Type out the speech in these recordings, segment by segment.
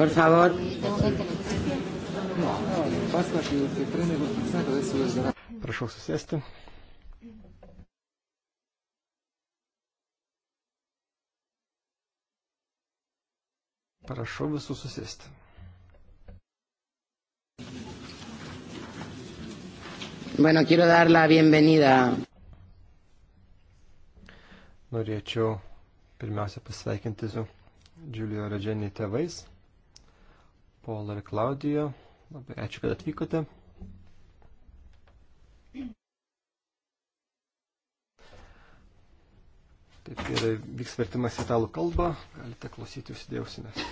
Por favor. Prašau susėsti. Prašau visus susėsti. Bueno, quiero dar la bienvenida. Norėčiau pirmiausia pasveikinti su Džiulio Redženį tėvais. Paula ir Klaudijo. Labai ačiū, kad atvykote. Taip ir vyks vertimas italų kalbą. Galite klausyti užsidėjausinės.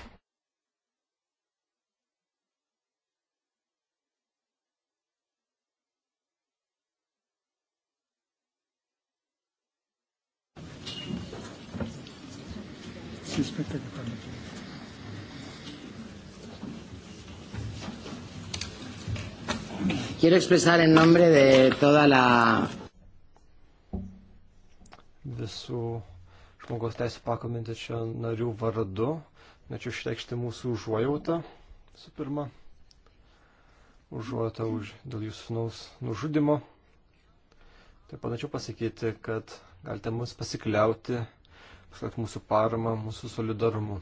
Quiero expresar en nombre de toda la. Visų žmogaus teisų pakomitečio narių vardu norėčiau išreikšti mūsų užuojautą, visų pirma, užuojautą už, dėl jūsų sunaus nužudimo. Taip panašiau pasakyti, kad galite mus pasikliauti, pasakyti mūsų paramą, mūsų solidarumu.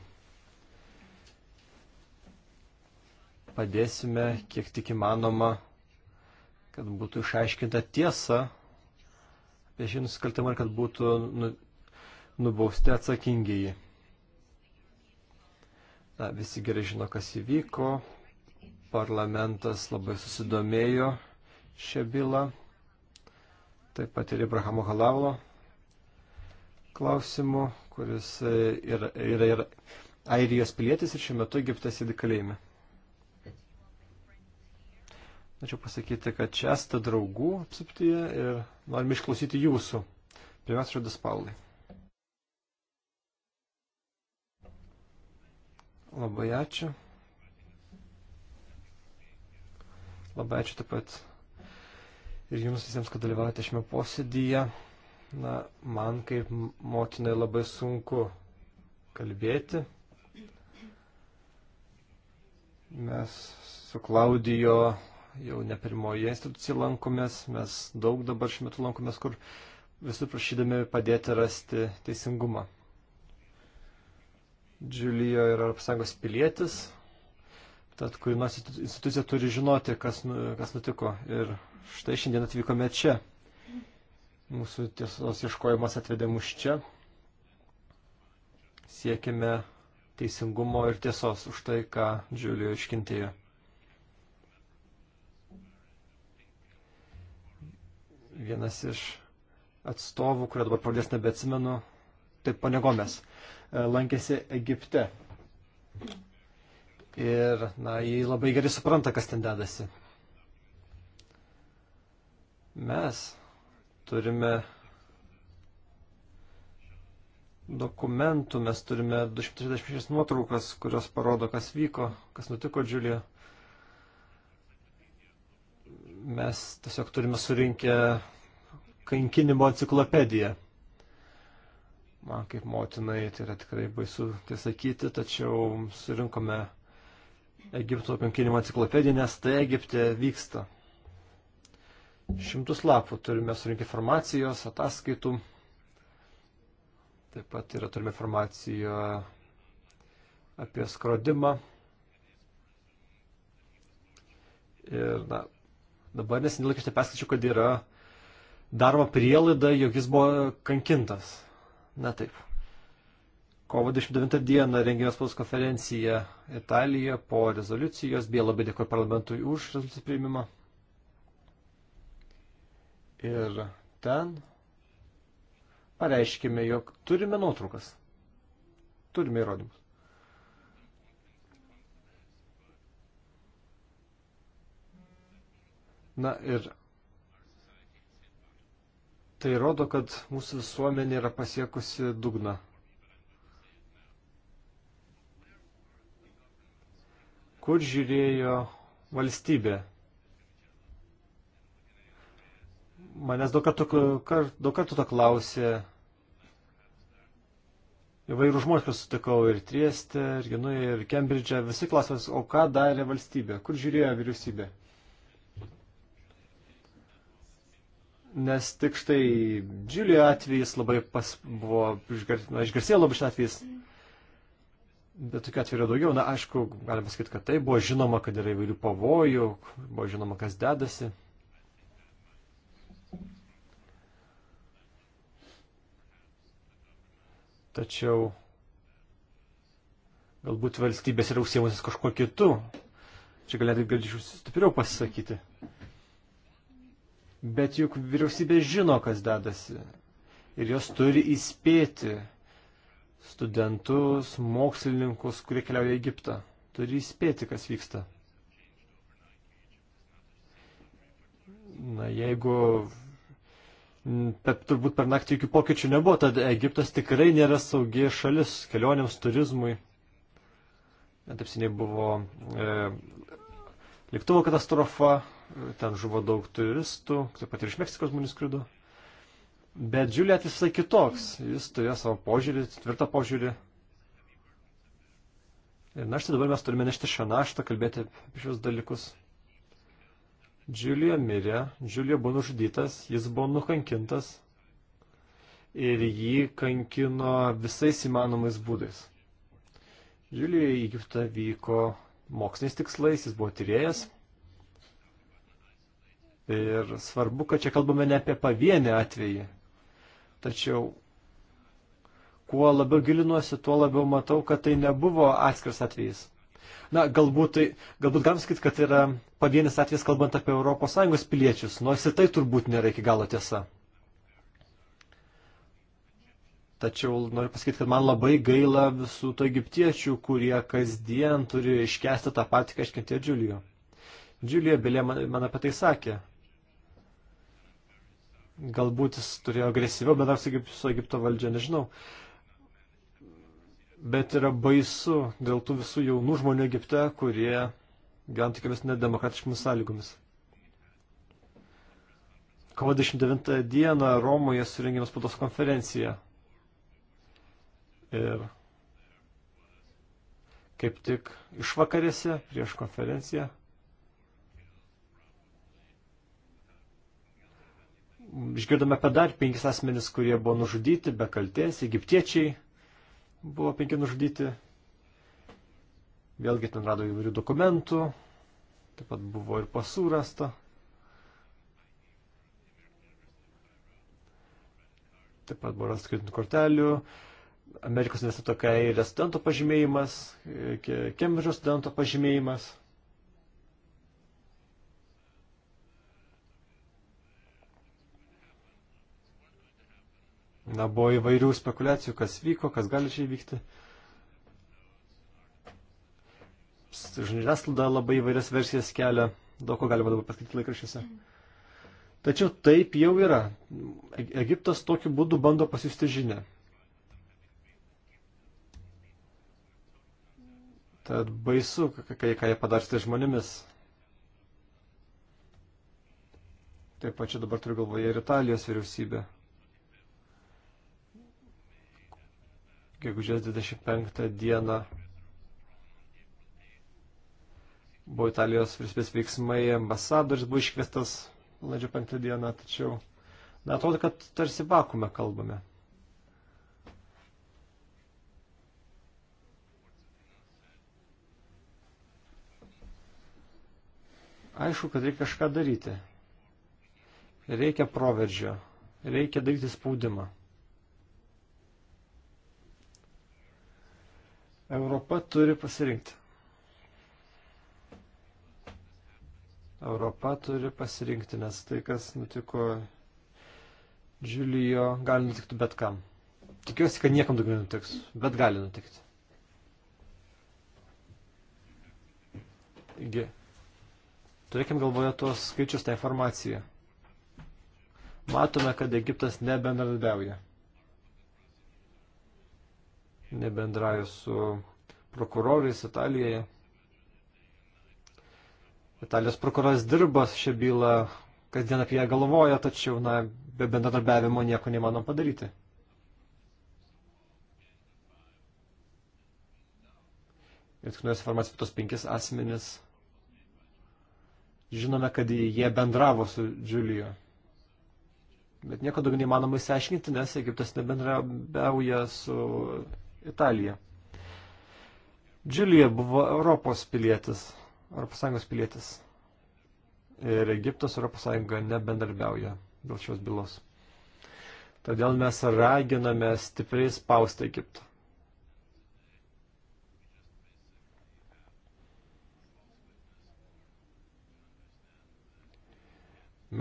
Padėsime, kiek tik įmanoma, kad būtų išaiškinta tiesa apie šį nusikaltimą ir kad būtų nu, nubausti atsakingieji. Na, visi gerai žino, kas įvyko. Parlamentas labai susidomėjo šią bylą. Taip pat ir Ibrahamo Halavlo klausimu, kuris yra, yra, yra Airijos pilietis ir šiuo metu Egiptas įdi kalėjime. Norėčiau pasakyti, kad čia esate draugų apsuptyje ir norime išklausyti jūsų. Pirmiausia, žodis Paulai. Labai ačiū. Labai ačiū taip pat ir jums visiems, kad dalyvavote šiame posėdyje. Na, man kaip motinai labai sunku kalbėti. Mes su Klaudijo jau ne pirmoje institucija lankomės, mes daug dabar šiuo metu lankomės, kur visų prašydami padėti rasti teisingumą. Džiulio yra apsangos pilietis, tad kuri nors institucija turi žinoti, kas, nu, kas nutiko. Ir štai šiandien atvykome čia. Mūsų tiesos ieškojimas atvedė mus čia. Siekime teisingumo ir tiesos už tai, ką Džiulio iškintėjo. vienas iš atstovų, kurio dabar pradės nebeatsimenu, taip panegomės, e, lankėsi Egipte. Ir, na, jį labai gerai supranta, kas ten dedasi. Mes turime dokumentų, mes turime 236 nuotraukas, kurios parodo, kas vyko, kas nutiko Džiulijoje Mes tiesiog turime surinkę kankinimo enciklopediją. Man kaip motinai tai yra tikrai baisu tai sakyti, tačiau surinkome Egipto kankinimo enciklopediją, nes tai Egipte vyksta. Šimtus lapų turime surinkti informacijos, ataskaitų. Taip pat yra turime informaciją apie skrodimą. Ir, na, Dabar nesinį laikraštį perskaičiu, kad yra daroma prielaida, jog jis buvo kankintas. Na taip. Kovo 29 dieną rengėme spaudos konferenciją Italijoje po rezoliucijos, beje labai dėkoju parlamentui už rezoliucijos priimimą. Ir ten pareiškime, jog turime nuotraukas. Turime įrodymus. Na ir tai rodo, kad mūsų visuomenė yra pasiekusi dugną. Kur žiūrėjo valstybė? Manęs daug kartų, kar, daug kartų to klausė įvairių žmonės, kuriuos sutikau ir Trieste, ir Genoje, ir Kembridže, visi klausė, o ką darė valstybė, kur žiūrėjo vyriausybė. nes tik štai Džiulio atvejis labai pas, buvo išgarsėjo labai šis atvejis, bet tokių atvejų yra daugiau. Na, aišku, galima sakyti, kad tai buvo žinoma, kad yra įvairių pavojų, buvo žinoma, kas dedasi. Tačiau galbūt valstybės yra užsiemusios kažkuo kitu. Čia galėtų girdžiu stipriau pasisakyti. Bet juk vyriausybė žino, kas dedasi. Ir jos turi įspėti studentus, mokslininkus, kurie keliauja į Egiptą. Turi įspėti, kas vyksta. Na, jeigu bet turbūt per naktį jokių pokyčių nebuvo, tad Egiptas tikrai nėra saugi šalis kelionėms, turizmui. Taip seniai buvo e, lėktuvo katastrofa, ten žuvo daug turistų, taip pat ir iš Meksikos žmonių skrido. Bet Džiulietis tai visai kitoks, jis turėjo savo požiūrį, tvirtą požiūrį. Ir na štai dabar mes turime nešti šią naštą, kalbėti apie šios dalykus. Džiulio mirė, Džiulio buvo nužudytas, jis buvo nukankintas ir jį kankino visais įmanomais būdais. Džiulio į Egiptą vyko moksliniais tikslais, jis buvo tyrėjas, Ir svarbu, kad čia kalbame ne apie pavienį atvejį. Tačiau kuo labiau gilinuosi, tuo labiau matau, kad tai nebuvo atskiras atvejis. Na, galbūt, tai, galbūt galim sakyti, kad tai yra pavienis atvejis, kalbant apie ES piliečius, nors ir tai turbūt nėra iki galo tiesa. Tačiau noriu pasakyti, kad man labai gaila visų to egiptiečių, kurie kasdien turi iškesti tą patį, ką iškentė Džiulijo. Džiulija Belė man, man apie tai sakė. Galbūt jis turėjo agresyviau bendrauti su Egipto valdžia, nežinau. Bet yra baisu dėl tų visų jaunų žmonių Egipte, kurie gyvena tikrimis nedemokratiškomis sąlygomis. Kovo 29 dieną Romoje surinkimas spaudos konferencija. Ir kaip tik iš vakarėse prieš konferenciją išgirdome apie dar penkis asmenis, kurie buvo nužudyti be kalties, egiptiečiai buvo penki nužudyti, vėlgi ten rado įvairių dokumentų, taip pat buvo ir pasų rasta. Taip pat buvo rasta kritinių kortelių, Amerikos universiteto kai rezidento pažymėjimas, Kembridžo studento pažymėjimas. Na, buvo įvairių spekulacijų, kas vyko, kas gali čia įvykti. Žiniasklaida labai įvairias versijas kelia, daug ko galima dabar paskaityti laikraščiuose. Tačiau taip jau yra. E- Egiptas tokiu būdu bando pasiūsti žinę. Tad baisu, kai ką jie padarė su tai žmonėmis. Taip pat čia dabar turiu galvoje ir Italijos vyriausybė. gegužės 25 dieną buvo Italijos vyriausybės veiksmai, ambasadoris buvo iškviestas balandžio 5 dieną, tačiau, na, atrodo, kad tarsi vakume kalbame. Aišku, kad reikia kažką daryti. Reikia proveržio. Reikia daryti spaudimą. Europa turi pasirinkti. Europa turi pasirinkti, nes tai, kas nutiko Džiulijo, gali nutikti bet kam. Tikiuosi, kad niekam daugiau nutiks, bet gali nutikti. Taigi, turėkim galvoje tuos skaičius, tą informaciją. Matome, kad Egiptas nebendradarbiauja nebendrauja su prokurorais Italijoje. Italijos prokuroras dirba šią bylą, kasdien apie ją galvoja, tačiau na, be bendradarbiavimo nieko neįmanom padaryti. Ir tik nuėjus informaciją apie tos penkis asmenis, žinome, kad jie bendravo su Džiulijo. Bet nieko daugiau neįmanoma įsiaiškinti, nes Egiptas nebendrauja su Italija. Džiulija buvo Europos pilietis, Europos Sąjungos pilietis. Ir Egiptas Europos Sąjunga nebendarbiauja dėl šios bylos. Todėl mes raginame stipriai spausti Egiptą.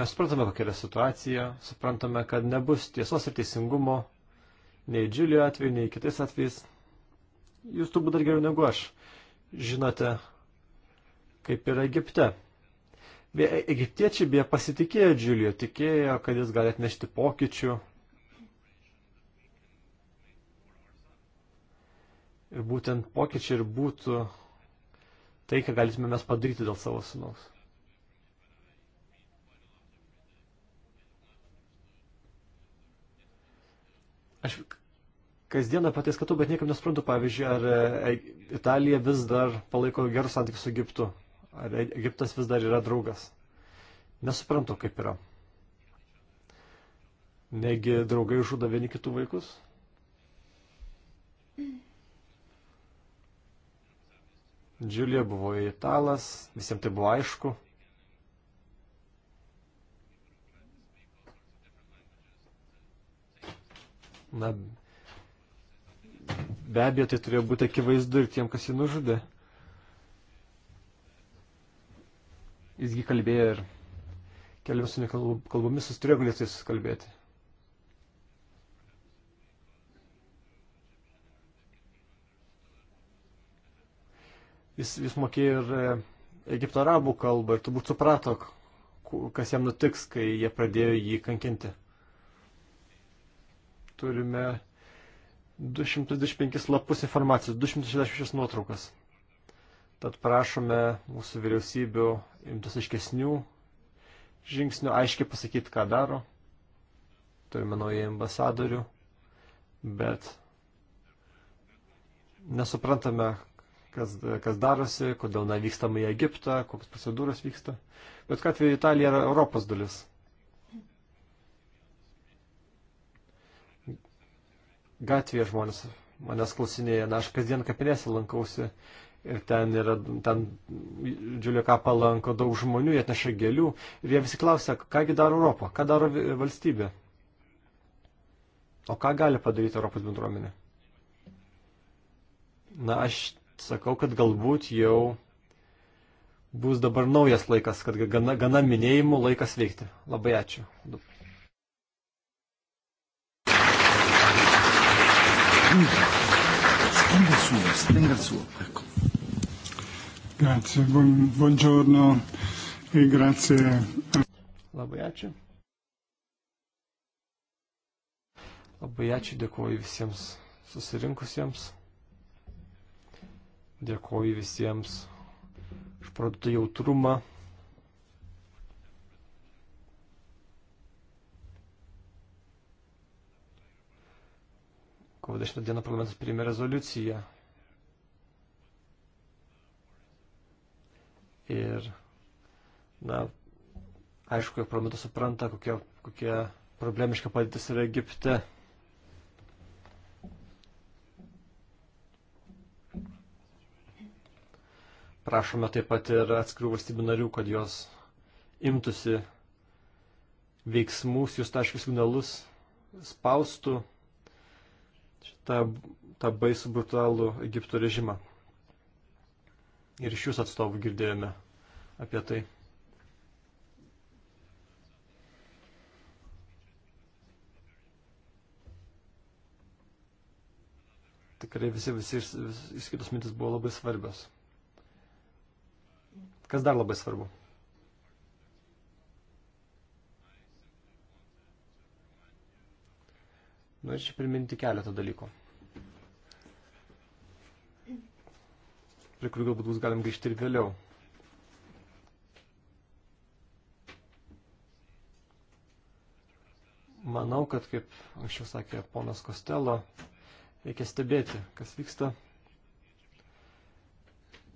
Mes suprantame, kokia yra situacija, suprantame, kad nebus tiesos ir teisingumo nei Džiulio atveju, nei kitais atvejais. Jūs turbūt dar geriau negu aš žinote, kaip yra Egipte. E, egiptiečiai beje pasitikėjo Džiulio, tikėjo, kad jis gali atnešti pokyčių. Ir būtent pokyčiai ir būtų tai, ką galėtume mes padaryti dėl savo sunaus. Aš kasdieną patys tai skatau, bet niekam nesprantu, pavyzdžiui, ar e, Italija vis dar palaiko gerus santykius su Egiptu, ar e- Egiptas vis dar yra draugas. Nesuprantu, kaip yra. Negi draugai žudo vieni kitų vaikus? Džiulė buvo italas, visiems tai buvo aišku. Na, be abejo, tai turėjo būti akivaizdu ir tiem, kas jį nužudė. Jisgi kalbėjo ir keliomis unikalų kalbomis susiturėjo galėti susikalbėti. Jis, jis mokėjo ir e, Egipto arabų kalbą ir turbūt suprato, kas jam nutiks, kai jie pradėjo jį kankinti turime 225 lapus informacijos, 266 nuotraukas. Tad prašome mūsų vyriausybių imtis aiškesnių žingsnių, aiškiai pasakyti, ką daro. Turime naują ambasadorių, bet nesuprantame, kas, kas darosi, kodėl nevykstama į Egiptą, kokios procedūros vyksta. Bet kad atveju Italija yra Europos dalis. gatvėje žmonės manęs klausinėja, na aš kasdien kapinėse lankausi ir ten yra, ten džiulio kapą lanko daug žmonių, jie atneša gėlių ir jie visi klausia, kągi daro Europą, ką daro valstybė, o ką gali padaryti Europos bendruomenė. Na aš sakau, kad galbūt jau bus dabar naujas laikas, kad gana, gana minėjimų laikas veikti. Labai ačiū. Tenga il suo, tenga il suo. Ecco. Grazie, buon, buongiorno e grazie. Labai ačiū. Labai ačiū, dėkuoju visiems susirinkusiems. Dėkuoju visiems už produktų jautrumą. Kovo 10 dieną parlamentas priėmė rezoliuciją. Ir, na, aišku, jog parlamentas supranta, kokia, kokia problemiška padėtis yra Egipte. Prašome taip pat ir atskirų valstybių narių, kad jos imtųsi veiksmus, jūs taškius signalus spaustų šitą tą baisų brutalų Egipto režimą. Ir iš jūsų atstovų girdėjome apie tai. Tikrai visi, visi išskirtos mintis buvo labai svarbios. Kas dar labai svarbu? Norėčiau priminti keletą dalykų, prie kurių galbūt bus galim grįžti ir vėliau. Manau, kad, kaip anksčiau sakė ponas Kostelo, reikia stebėti, kas vyksta.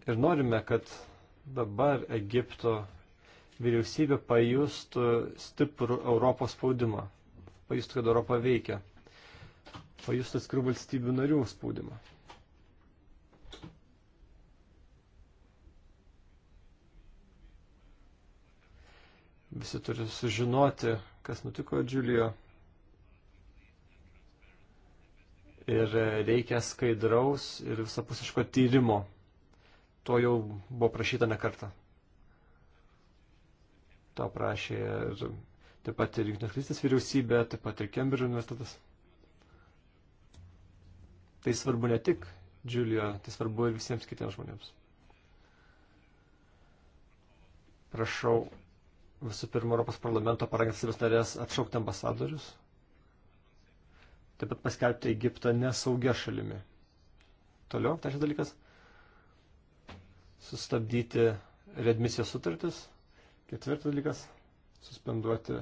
Ir norime, kad dabar Egipto vyriausybė pajustų stiprų Europos spaudimą, pajustų, kad Europa veikia pajustų atskirų valstybių narių spaudimą. Visi turi sužinoti, kas nutiko Džiulio. Ir reikia skaidraus ir visapusiško tyrimo. To jau buvo prašyta ne kartą. To prašė ir taip pat ir Junktinės kristės vyriausybė, taip pat ir Kembridžo universitetas. Tai svarbu ne tik Džiulio, tai svarbu ir visiems kitiems žmonėms. Prašau visų pirma Europos parlamento paraginti savęs narės atšaukti ambasadorius, taip pat paskelbti Egiptą nesaugia šalimi. Toliau, trečias dalykas - sustabdyti redmisijos sutartis. Ketvirtas dalykas - suspenduoti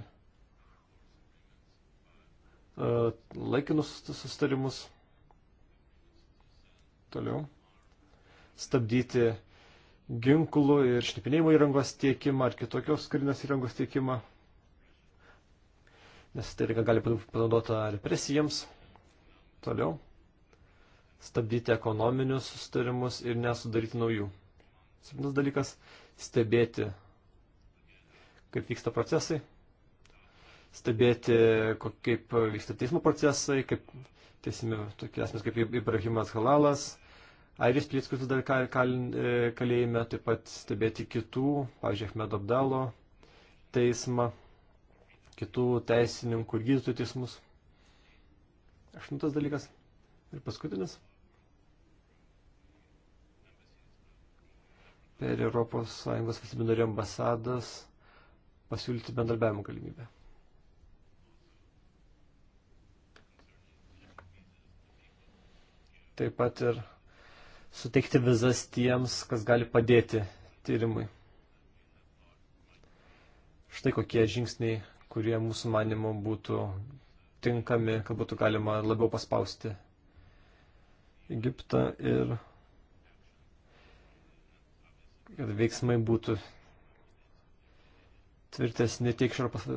e, laikinus sustarimus. Toliau. Stabdyti ginklų ir šnipinėjimo įrangos tiekimą ar kitokios karinės įrangos tiekimą, nes tai įranga gali būti panaudota represijams. Toliau. Stabdyti ekonominius sustarimus ir nesudaryti naujų. Septintas dalykas - stebėti, kaip vyksta procesai, stebėti, kaip vyksta teismo procesai, kaip Tęsime tokie asmenys kaip Ibrahimas Halalas, Airis Prieskutis dar kal, kal, e, kalėjime, taip pat stebėti kitų, pavyzdžiui, Ahmed Abdalo teismą, kitų teisininkų ir gydytojų teismus. Aštuntas dalykas ir paskutinis. Per ES valstybių narių ambasadas pasiūlyti bendradarbiavimo galimybę. taip pat ir suteikti vizas tiems, kas gali padėti tyrimui. Štai kokie žingsniai, kurie mūsų manimo būtų tinkami, kad būtų galima labiau paspausti Egiptą ir kad veiksmai būtų tvirtesni tiek iš Europos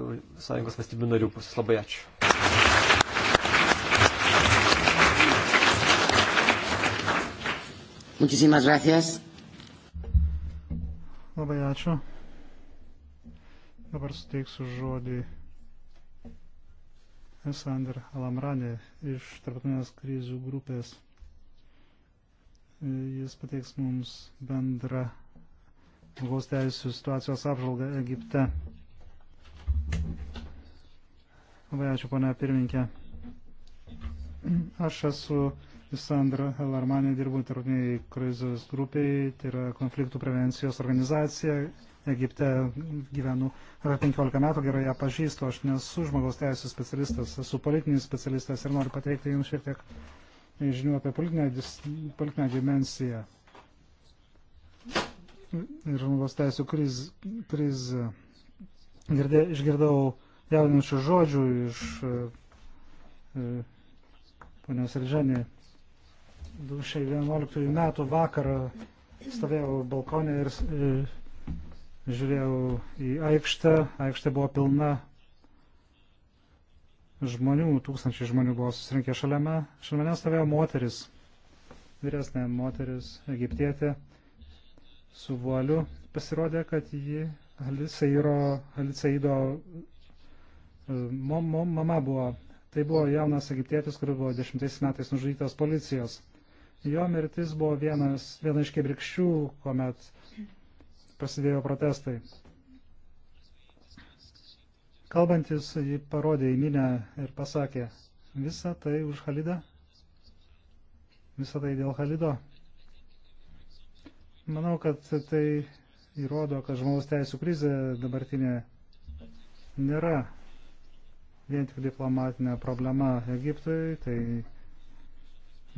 Sąjungos valstybių narių pusės. Labai ačiū. Muchísimas gracias. Labai ačiū. Dabar suteiksiu žodį Esander Alamranė iš tarptautinės krizių grupės. Jis pateiks mums bendrą žmogaus teisų situacijos apžvalgą Egipte. Labai ačiū, ponia pirminkė. Aš esu Sandra Larmanė dirbu tarptautiniai krizės grupiai, tai yra konfliktų prevencijos organizacija. Egipte gyvenu apie 15 metų, gerai ją pažįstu, aš nesu žmogaus teisų specialistas, esu politinis specialistas ir noriu pateikti jums šiek tiek žinių apie politinę, politinę dimensiją ir žmogaus teisų krizę. Išgirdau jaudinančių žodžių iš e, e, ponios Elženė 2011 metų vakarą stovėjau balkonė ir e, žiūrėjau į aikštę. Aikštė buvo pilna žmonių, tūkstančiai žmonių buvo susirinkę šalia manęs. Šalia manęs stovėjo moteris, vyresnė moteris, egiptietė, su vuoliu. Pasirodė, kad ji Haliceido e, mama buvo. Tai buvo jaunas egiptietis, kuris buvo dešimtais metais nužudytas policijos. Jo mirtis buvo vienas, viena iš kebirkščių, kuomet prasidėjo protestai. Kalbantis jį parodė į minę ir pasakė, visą tai už Halidą, visą tai dėl Halido. Manau, kad tai įrodo, kad žmogaus teisų krizė dabartinė nėra vien tik diplomatinė problema Egiptui, tai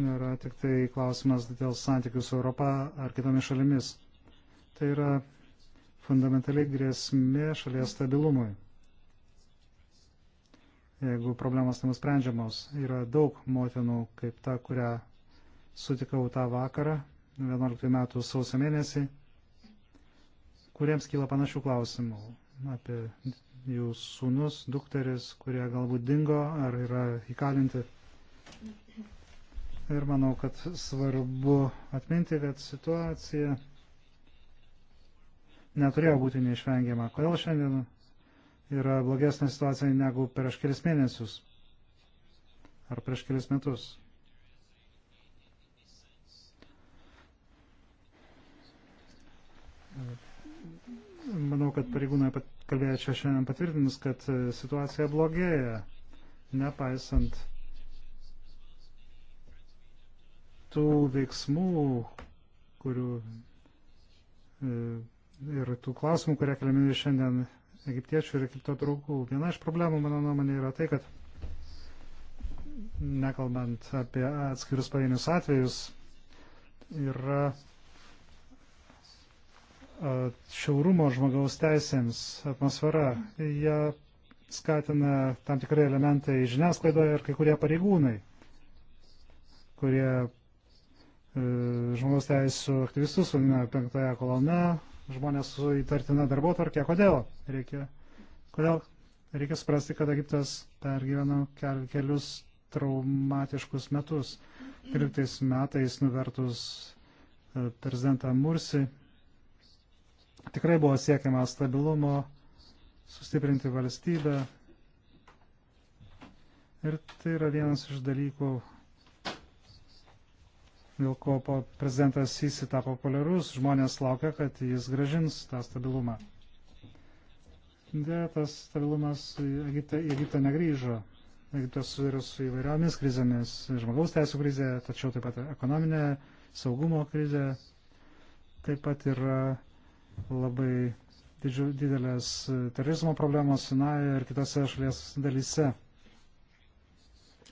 nėra tik tai klausimas dėl santykių su Europa ar kitomis šalimis. Tai yra fundamentaliai grėsmė šalies stabilumui. Jeigu problemas tam sprendžiamos, yra daug motinų, kaip ta, kurią sutikau tą vakarą, 11 metų sausio mėnesį, kuriems kyla panašių klausimų apie jų sūnus, dukteris, kurie galbūt dingo ar yra įkalinti. Ir manau, kad svarbu atminti, kad situacija neturėjo būti neišvengiama. Kodėl šiandien yra blogesnė situacija negu prieš kelis mėnesius ar prieš kelis metus? Manau, kad pareigūnai kalbėjo čia šiandien patvirtins, kad situacija blogėja, nepaisant tų veiksmų, kurių e, ir tų klausimų, kurie keliami šiandien egiptiečių ir egipto draugų. Viena iš problemų, mano nuomonė, yra tai, kad nekalbant apie atskirius pavienius atvejus, yra e, šiaurumo žmogaus teisėms atmosfera. Jie skatina tam tikrai elementai žiniasklaidoje ir kai kurie pareigūnai, kurie E, žmogaus teisų aktyvistus, vadiname penktąją koloną, žmonės su įtartina darbo tvarkė. Kodėl? Reikia, kodėl? Reikia suprasti, kad Egiptas pergyveno kel, kelius traumatiškus metus. 13 metais nuvertus e, prezidentą Mursi tikrai buvo siekiama stabilumo, sustiprinti valstybę. Ir tai yra vienas iš dalykų, dėl ko prezidentas Sisi tapo populiarus, žmonės laukia, kad jis gražins tą stabilumą. Dėja, tas stabilumas į Egiptą negrįžo. Egiptas susidūrė su įvairiomis krizėmis - žmogaus teisų krizė, tačiau taip pat ekonominė, saugumo krizė. Taip pat yra labai didžiu, didelės terorizmo problemos Sinajoje ir kitose šalies dalyse.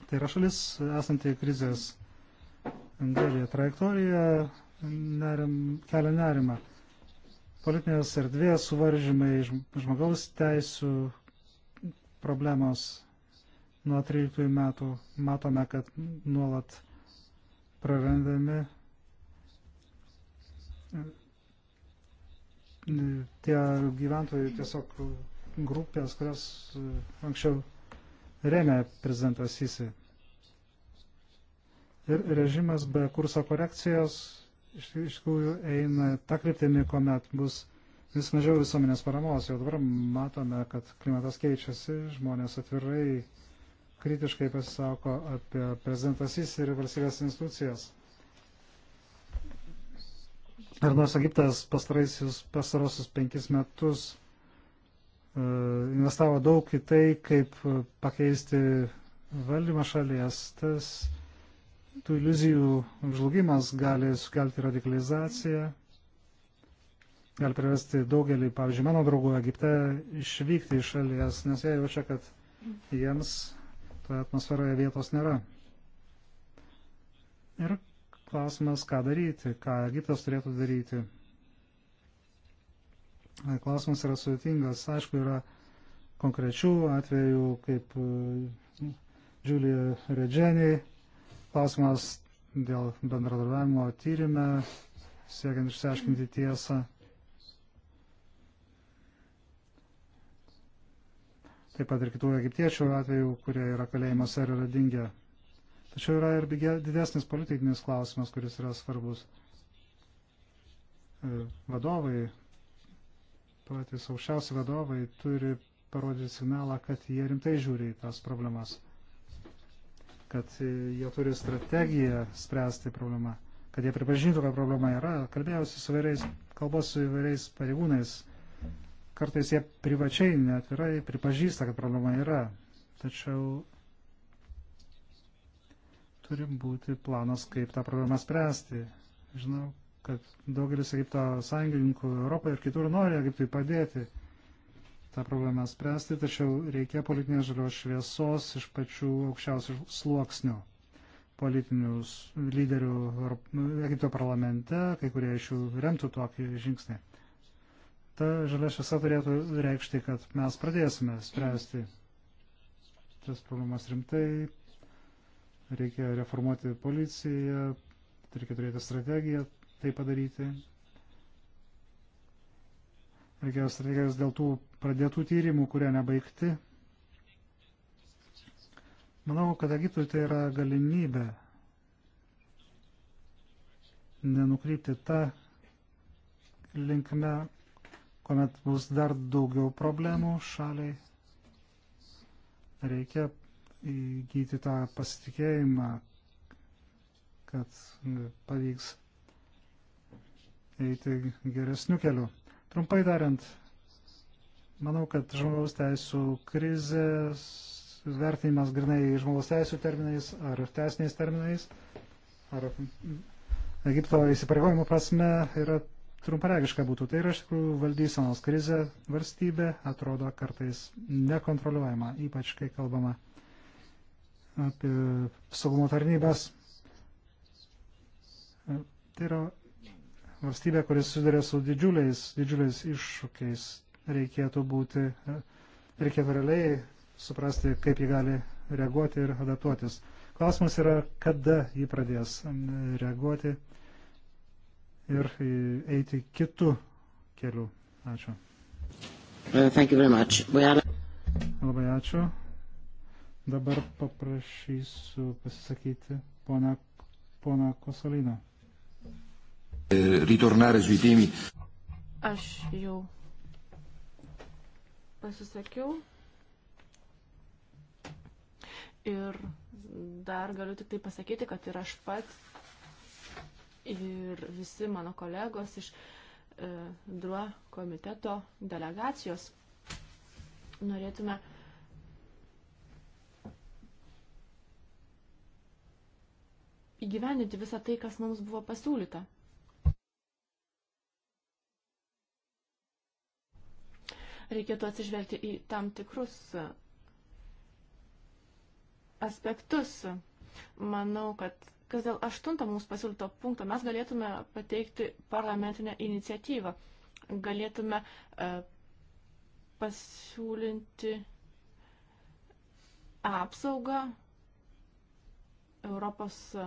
Tai yra šalis esanti krizės Angelija trajektorija nerim, kelia nerimą. Politinės erdvės suvaržymai, žmogaus teisų problemos nuo 13 metų matome, kad nuolat prarandami tie gyventojai tiesiog grupės, kurios anksčiau remė prezidentas Sisi. Ir režimas be kurso korekcijos iš, iš tikrųjų eina tą kryptimį, kuomet bus vis mažiau visuomenės paramos. Jau dabar matome, kad klimatas keičiasi, žmonės atvirai kritiškai pasisako apie prezidentas jis ir valstybės institucijas. Ir nors Egiptas pastarosius penkis metus e, investavo daug į tai, kaip pakeisti valdymą šalies, tas tų iliuzijų žlugimas gali sukelti radikalizaciją, gali privesti daugelį, pavyzdžiui, mano draugų Egipte išvykti iš šalies, nes jie jaučia, kad jiems toje atmosferoje vietos nėra. Ir klausimas, ką daryti, ką Egiptas turėtų daryti. Klausimas yra sudėtingas. Aišku, yra konkrečių atvejų, kaip Džiulija e, Redženiai, Klausimas dėl bendradarbiavimo tyrimę, siekiant išsiaiškinti tiesą. Taip pat ir kitų egiptiečių atvejų, kurie yra kalėjimuose ir yra dingę. Tačiau yra ir didesnis politikinis klausimas, kuris yra svarbus. E, vadovai, patys aukščiausi vadovai turi parodyti signalą, kad jie rimtai žiūri į tas problemas kad jie turi strategiją spręsti problemą, kad jie pripažintų, kad problema yra. Kalbėjausi su įvairiais, kalbos su įvairiais pareigūnais. Kartais jie privačiai, netvirai pripažįsta, kad problema yra. Tačiau turi būti planas, kaip tą problemą spręsti. Žinau, kad daugelis Egipto sąjungininkų Europoje ir kitur nori Egiptui padėti tą problemą spręsti, tačiau reikia politinės žalios šviesos iš pačių aukščiausių sluoksnių politinių lyderių Egipto parlamente, kai kurie iš jų remtų tokį žingsnį. Ta žalia šviesa turėtų reikšti, kad mes pradėsime spręsti tas problemas rimtai, reikia reformuoti policiją, reikia turėti strategiją tai padaryti reikės, reikės dėl tų pradėtų tyrimų, kurie nebaigti. Manau, kad agitui tai yra galimybė nenukrypti tą linkme, kuomet bus dar daugiau problemų šaliai. Reikia įgyti tą pasitikėjimą, kad pavyks eiti geresniu keliu. Trumpai tariant, manau, kad žmogaus teisų krizės vertinimas grinai žmogaus teisų terminais ar teisiniais terminais ar Egipto įsipareigojimų prasme yra trumparegiška būtų. Tai yra iš tikrųjų valdysenos krizė, valstybė atrodo kartais nekontroliuojama, ypač kai kalbama apie saugumo tarnybas. Tai yra valstybė, kuris susiduria su didžiuliais, didžiuliais iššūkiais, reikėtų būti, reikėtų realiai suprasti, kaip jį gali reaguoti ir adaptuotis. Klausimas yra, kada jį pradės reaguoti ir eiti kitų kelių. Ačiū. Uh, are... Labai ačiū. Dabar paprašysiu pasisakyti poną, poną Kosoliną. E, ritornare sui temi. Aš jau pasisakiau. Ir dar galiu tik tai pasakyti, kad ir aš pats, ir visi mano kolegos iš e, DRUA komiteto delegacijos norėtume įgyveninti visą tai, kas mums buvo pasiūlyta. reikėtų atsižvelgti į tam tikrus aspektus. Manau, kad kas dėl aštunto mums pasiūlyto punkto mes galėtume pateikti parlamentinę iniciatyvą. Galėtume uh, pasiūlinti apsaugą Europos e,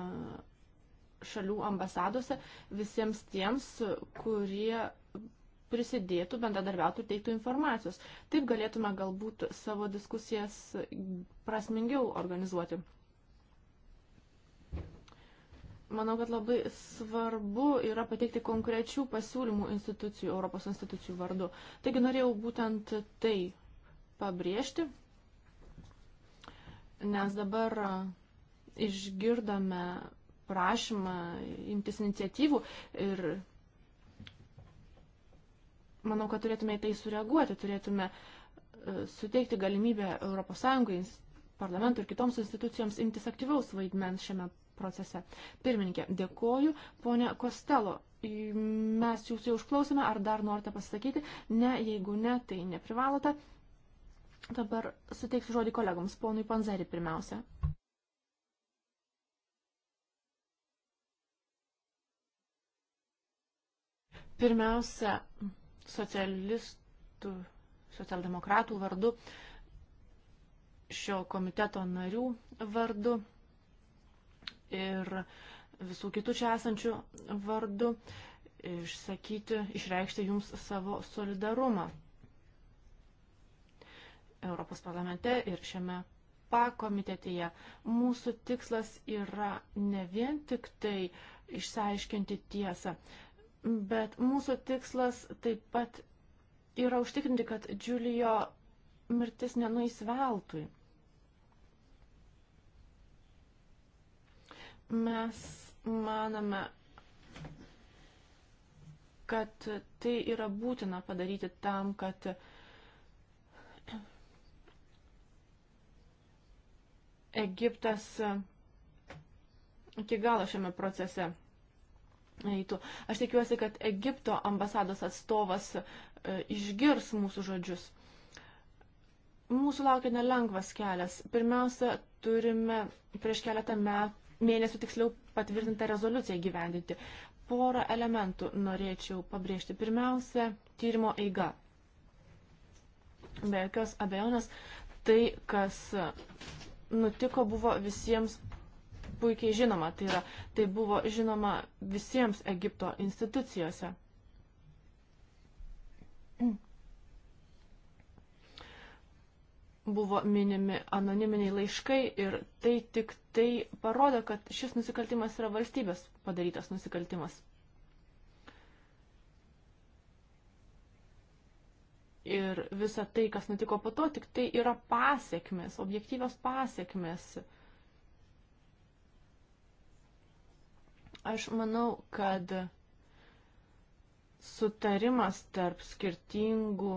šalių ambasadose visiems tiems, kurie prisidėtų, bendradarbiautų ir teiktų informacijos. Taip galėtume galbūt savo diskusijas prasmingiau organizuoti. Manau, kad labai svarbu yra pateikti konkrečių pasiūlymų institucijų, Europos institucijų vardu. Taigi norėjau būtent tai pabrėžti, nes dabar išgirdome prašymą imtis iniciatyvų ir manau, kad turėtume į tai sureaguoti, turėtume e, suteikti galimybę ES parlamentui ir kitoms institucijoms imtis aktyvaus vaidmens šiame procese. Pirmininkė, dėkoju. Pone Kostelo, mes jūs jau užklausime, ar dar norite pasakyti? Ne, jeigu ne, tai neprivalote. Dabar suteiksiu žodį kolegoms, ponui Panzerį pirmiausia. Pirmiausia, socialistų, socialdemokratų vardu, šio komiteto narių vardu ir visų kitų čia esančių vardu išsakyti, išreikšti jums savo solidarumą. Europos parlamente ir šiame pakomitetyje mūsų tikslas yra ne vien tik tai išsiaiškinti tiesą, Bet mūsų tikslas taip pat yra užtikrinti, kad Džiulio mirtis nenuės veltui. Mes manome, kad tai yra būtina padaryti tam, kad Egiptas iki galo šiame procese eitų. Aš tikiuosi, kad Egipto ambasados atstovas e, išgirs mūsų žodžius. Mūsų laukia nelengvas kelias. Pirmiausia, turime prieš keletą metų, mėnesių tiksliau patvirtintą rezoliuciją gyvendinti. Porą elementų norėčiau pabrėžti. Pirmiausia, tyrimo eiga. Be jokios abejonės, tai, kas nutiko, buvo visiems puikiai žinoma, tai, yra, tai buvo žinoma visiems Egipto institucijose. Buvo minimi anoniminiai laiškai ir tai tik tai parodo, kad šis nusikaltimas yra valstybės padarytas nusikaltimas. Ir visa tai, kas nutiko po to, tik tai yra pasiekmes, objektyvios pasiekmes. Aš manau, kad sutarimas tarp skirtingų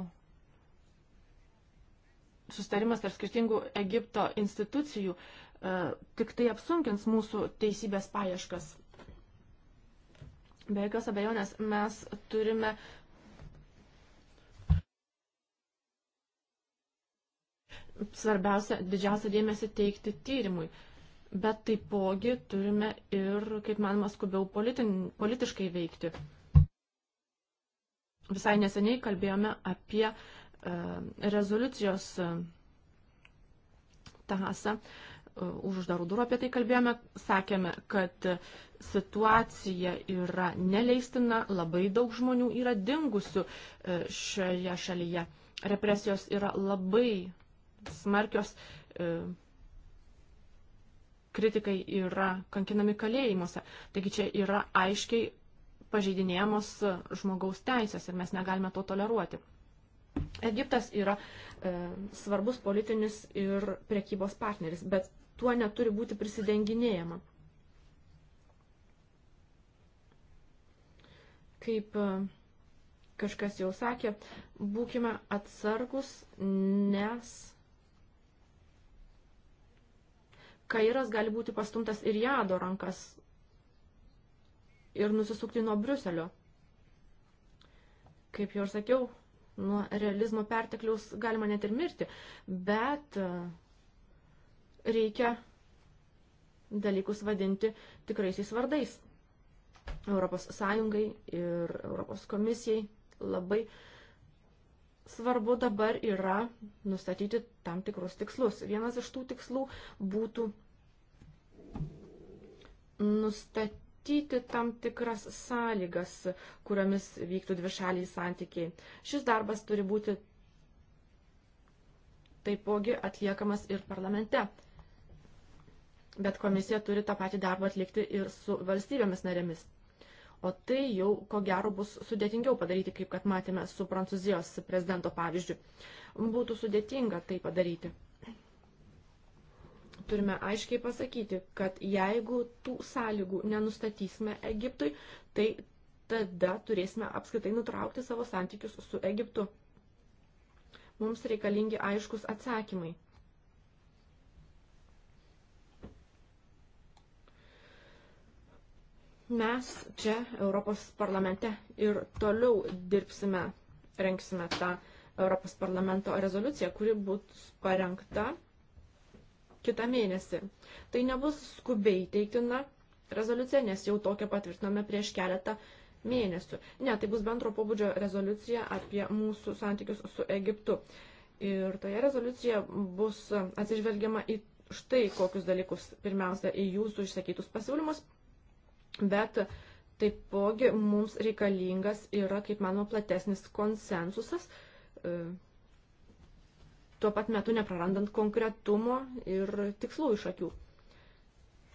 sustarimas tarp skirtingų Egipto institucijų e, tik tai apsunkins mūsų teisybės paieškas. Be jokios abejonės mes turime svarbiausia, didžiausia dėmesį teikti tyrimui bet taipogi turime ir, kaip manoma, skubiau politin, politiškai veikti. Visai neseniai kalbėjome apie e, rezoliucijos e, tasą. E, už uždarų durų apie tai kalbėjome, sakėme, kad situacija yra neleistina, labai daug žmonių yra dingusių e, šioje šalyje. Represijos yra labai smarkios, e, kritikai yra kankinami kalėjimuose. Taigi čia yra aiškiai pažeidinėjamos žmogaus teisės ir mes negalime to toleruoti. Egiptas yra e, svarbus politinis ir prekybos partneris, bet tuo neturi būti prisidenginėjama. Kaip e, kažkas jau sakė, būkime atsargus, nes Kairas gali būti pastumtas ir jado rankas ir nusisukti nuo Briuselio. Kaip jau ir sakiau, nuo realizmo pertekliaus galima net ir mirti, bet e, reikia dalykus vadinti tikraisiais vardais. Europos Sąjungai ir Europos komisijai labai uh, svarbu dabar yra nustatyti tam tikrus tikslus. Vienas iš tų tikslų būtų nustatyti tam tikras sąlygas, kuriomis vyktų dvišaliai santykiai. Šis darbas turi būti taipogi atliekamas ir parlamente. Bet komisija turi tą patį darbą atlikti ir su valstybėmis narėmis. O tai jau, ko gero, bus sudėtingiau padaryti, kaip kad matėme su Prancūzijos prezidento pavyzdžiu. Būtų sudėtinga tai padaryti. Turime aiškiai pasakyti, kad jeigu tų sąlygų nenustatysime Egiptui, tai tada turėsime apskritai nutraukti savo santykius su Egiptu. Mums reikalingi aiškus atsakymai. Mes čia Europos parlamente ir toliau dirbsime, renksime tą Europos parlamento rezoliuciją, kuri bus parengta kitą mėnesį. Tai nebus skubiai teiktina rezoliucija, nes jau tokią patvirtinome prieš keletą mėnesių. Ne, tai bus bendro pobūdžio rezoliucija apie mūsų santykius su Egiptu. Ir toje rezoliucijoje bus atsižvelgiama į štai kokius dalykus. Pirmiausia, į jūsų išsakytus pasiūlymus, bet taipogi mums reikalingas yra, kaip manoma, platesnis konsensusas, e, tuo pat metu neprarandant konkretumo ir tikslų iš akių.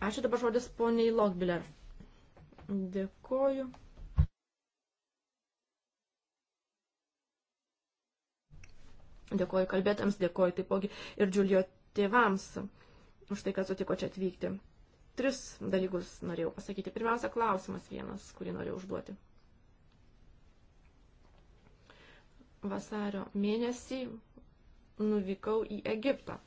Ačiū dabar žodis poniai Lokbiller. Dėkoju. Dėkoju kalbėtams, dėkoju taipogi ir Džiulio tėvams už tai, kad sutiko čia atvykti. Tris dalykus norėjau pasakyti. Pirmiausia, klausimas vienas, kurį norėjau užduoti. Vasario mėnesį nuvykau į Egiptą.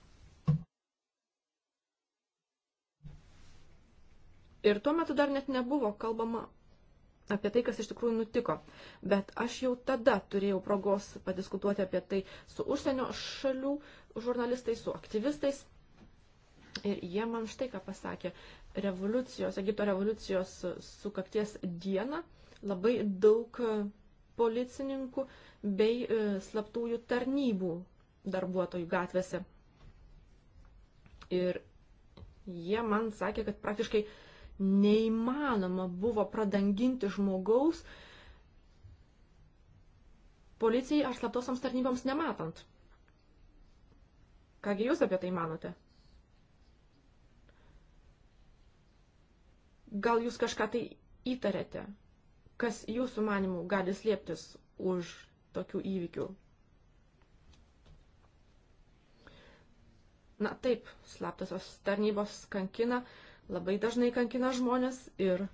Ir tuo metu dar net nebuvo kalbama apie tai, kas iš tikrųjų nutiko. Bet aš jau tada turėjau progos padiskutuoti apie tai su užsienio šalių žurnalistais, su aktyvistais. Ir jie man štai ką pasakė. Revoliucijos, Egipto revoliucijos sukakties dieną labai daug e, policininkų bei e, slaptųjų tarnybų darbuotojų gatvėse. Ir jie man sakė, kad praktiškai neįmanoma buvo pradanginti žmogaus policijai ar slaptosioms tarnyboms nematant. Kągi jūs apie tai manote? Gal jūs kažką tai įtarėte, kas jūsų manimų gali slėptis už tokių įvykių? Na taip, slaptosios tarnybos kankina, labai dažnai kankina žmonės ir